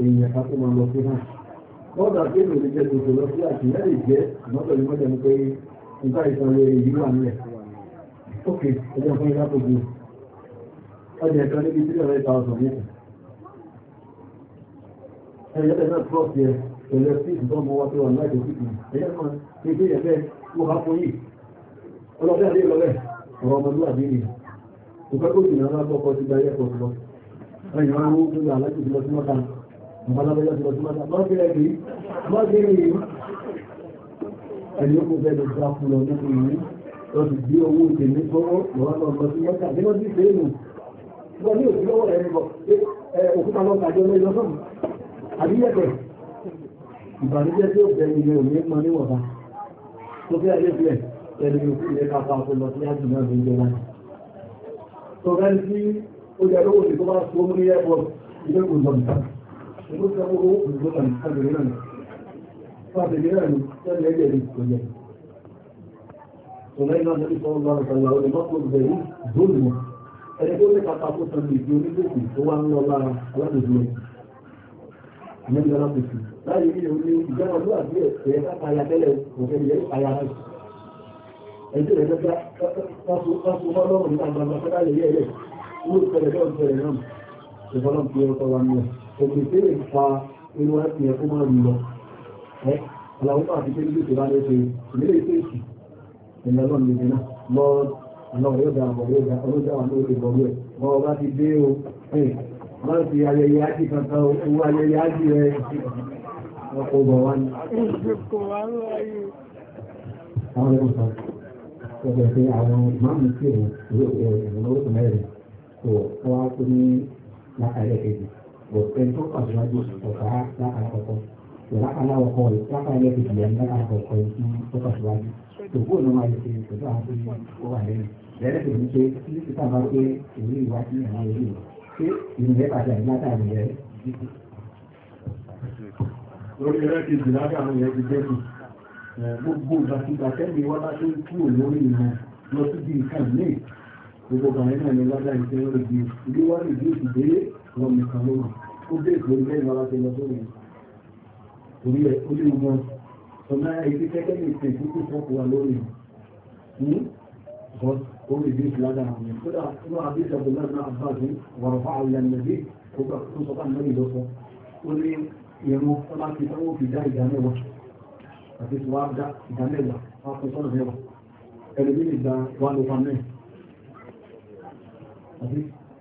èèyàn ya tó máa lọ sí hàn wọ́n dà pé èmi jẹ́ gbogbo lọ sí àtìyẹ́ lè jẹ́ ìmọ́tò ní mọ́tò pé nǹkan ìsan rere yìí wà nílẹ̀ ókè ẹjọ́ fún ilá gbogbo ọjà ẹ̀kan níbi tí ọ̀rẹ́ ta ọ̀sán níta ẹ̀yẹ́ tẹ̀lé trọ́ọ̀sì ẹ̀ pẹ̀lú ẹ̀sí ìdúgbọ́n mọ́ wá tó wà láìpẹ́ sí ẹ̀yẹ́ kan ní mo bá fún yìí àdé ọ̀rọ̀ kó Ìbálàbẹ́lẹ́ ti lọ sí máa ń bẹ́rẹ̀ bí, máa jẹ́ rí ẹni ó kò fẹ́ lọ sí àkúlọ̀ nípa ìlú, lọ sí bí owó ìpè ní sọ́wọ́, lọ́wọ́ lọ lọ sí mọ́ta, bí wọ́n sì fẹ́ nù. Wọ́n ní òsì lọ́wọ́ ẹni bọ̀, òkúta lọ tàjọ lọ ìlọ́sọ̀. Àbí yẹ̀kẹ̀, ìbànújẹ́ tí ó bẹ ní ilé òní mọ níwọ̀nba. Tó fẹ́ ayé bílẹ̀, ẹni òkú ilé kápá tó lọ sí ájù náà ní ìjọba. Tó fẹ́ sí ìlú sọ́kọ́ owó ìlú kan náà fàbèlè náà ni sẹ́lẹ̀ ẹ̀jẹ̀ rí kò yẹ. iná lórí sọ́wọ́ bá ọ̀sán làwọn ìmọ̀kò bẹ̀rù dóòlù wọn. Ẹni tó ní kàkà kó san lè di onígbòkù tó wá ń lọ lára aládùúgbò rẹ̀. Àmọ́ ìjọba kò Láyé ní ìlú ìjọba ló àbí ẹ̀ káka ya tẹ́lẹ̀ ẹ̀sìn tí lè fa inú ẹ̀sìn ẹ̀kọ́ máa ń lọ ẹ́ aláwọ̀ àti pé níbi tó bá lè ṣe ìlérè tó èsì ìlẹ̀ lọ́nà ìdí náà lọ àwọn ọ̀yọ́dà ọ̀yọ́dà ọlọ́dà wà lórí ìbọ̀wé wọn ọba ti dé o máa fi ayẹyẹ ájì kankan owó ayẹyẹ ájì rẹ ọkọ̀ ọgbọ̀n wa ni. àwọn ẹgbẹ́ sọ ọ̀sẹ̀ pé àwọn ìmáàmù sí ìrìn ìrìn ìrìn lórúkọ mẹ́rin tó wá tó ní lákàlẹ̀ kejì. เป็นทุกข์ก่อนเราหยุดปัสสาวะร่างกายของคนหรือร่างกายเราคอยร่างกายเราติดเลี้ยงร่างกายของคนที่ทุกข์ก่อนเราถูกพูดลงมาคือถึงจะเอาไปวันนี้และถ้าถึงเจที่ที่ทำเราเองถึงวัดนี้อะไรอยู่ที่ยินดีปัจจัยหน้าตาเหมือนเดิมโดยแรกที่ดีนะก็มันยังดีเด่นบุบบัติตาแค่มีว่าที่ผู้รู้นี่เราที่ดีขั้นนี้ตัวการนั้นเราได้เจอดีดีว่าดีดี wọn nìkan lórí ó dé ìgbò ilé ìlọ́lá ti lọ sórí orí ẹ̀ ó lè wọn ọ̀nà ibi kẹ́kẹ́ lè pè kúkú fọ́kù wa lórí ní bọ́s orí ìdí ìfìládà àwọn ẹ̀ kódà inú àbíṣà tó lọ́nà àbáàdé wọ̀rọ̀ fáwọn ilẹ̀ nàbí kó bá tó sọ fáwọn mẹ́rin lọ́sọ ó ní ìrún ọlá ti àti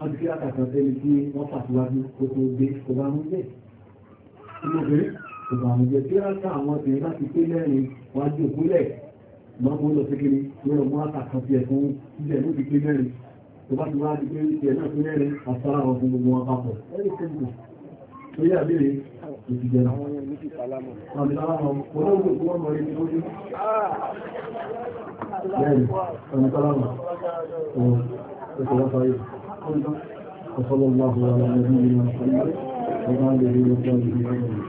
wọ́n ti àkàtà sẹ́ni tí wọ́n pàtíwájú kó tó gbé kò bá mú jẹ́ ìmọ̀bìnrin kò bá mú jẹ́ tí ó rántà àwọn ọ̀sẹ̀ láti pé lẹ́rin wájú òkúlẹ̀ lọ́gbọ́n lọ síkiri tó rọ̀ mú àkàtà sí ẹ̀fún ilẹ̀ ló ti pé lẹ́rin tó bá ti wá pé ìṣẹ̀ náà fún lẹ́rin àsára wọn gbogbo wọn papọ̀ lẹ́yìn tó kù tó yà léèrè kò ti jẹ́ àwọn ọmọ méjì sálámọ̀ olóògbé kó wọ́n mọ̀ rí ní ojú lẹ́yìn ọ̀nà sálámọ̀ ọ̀nà sálámọ̀ وصلى الله على نبينا محمد وعلى اله وصحبه اجمعين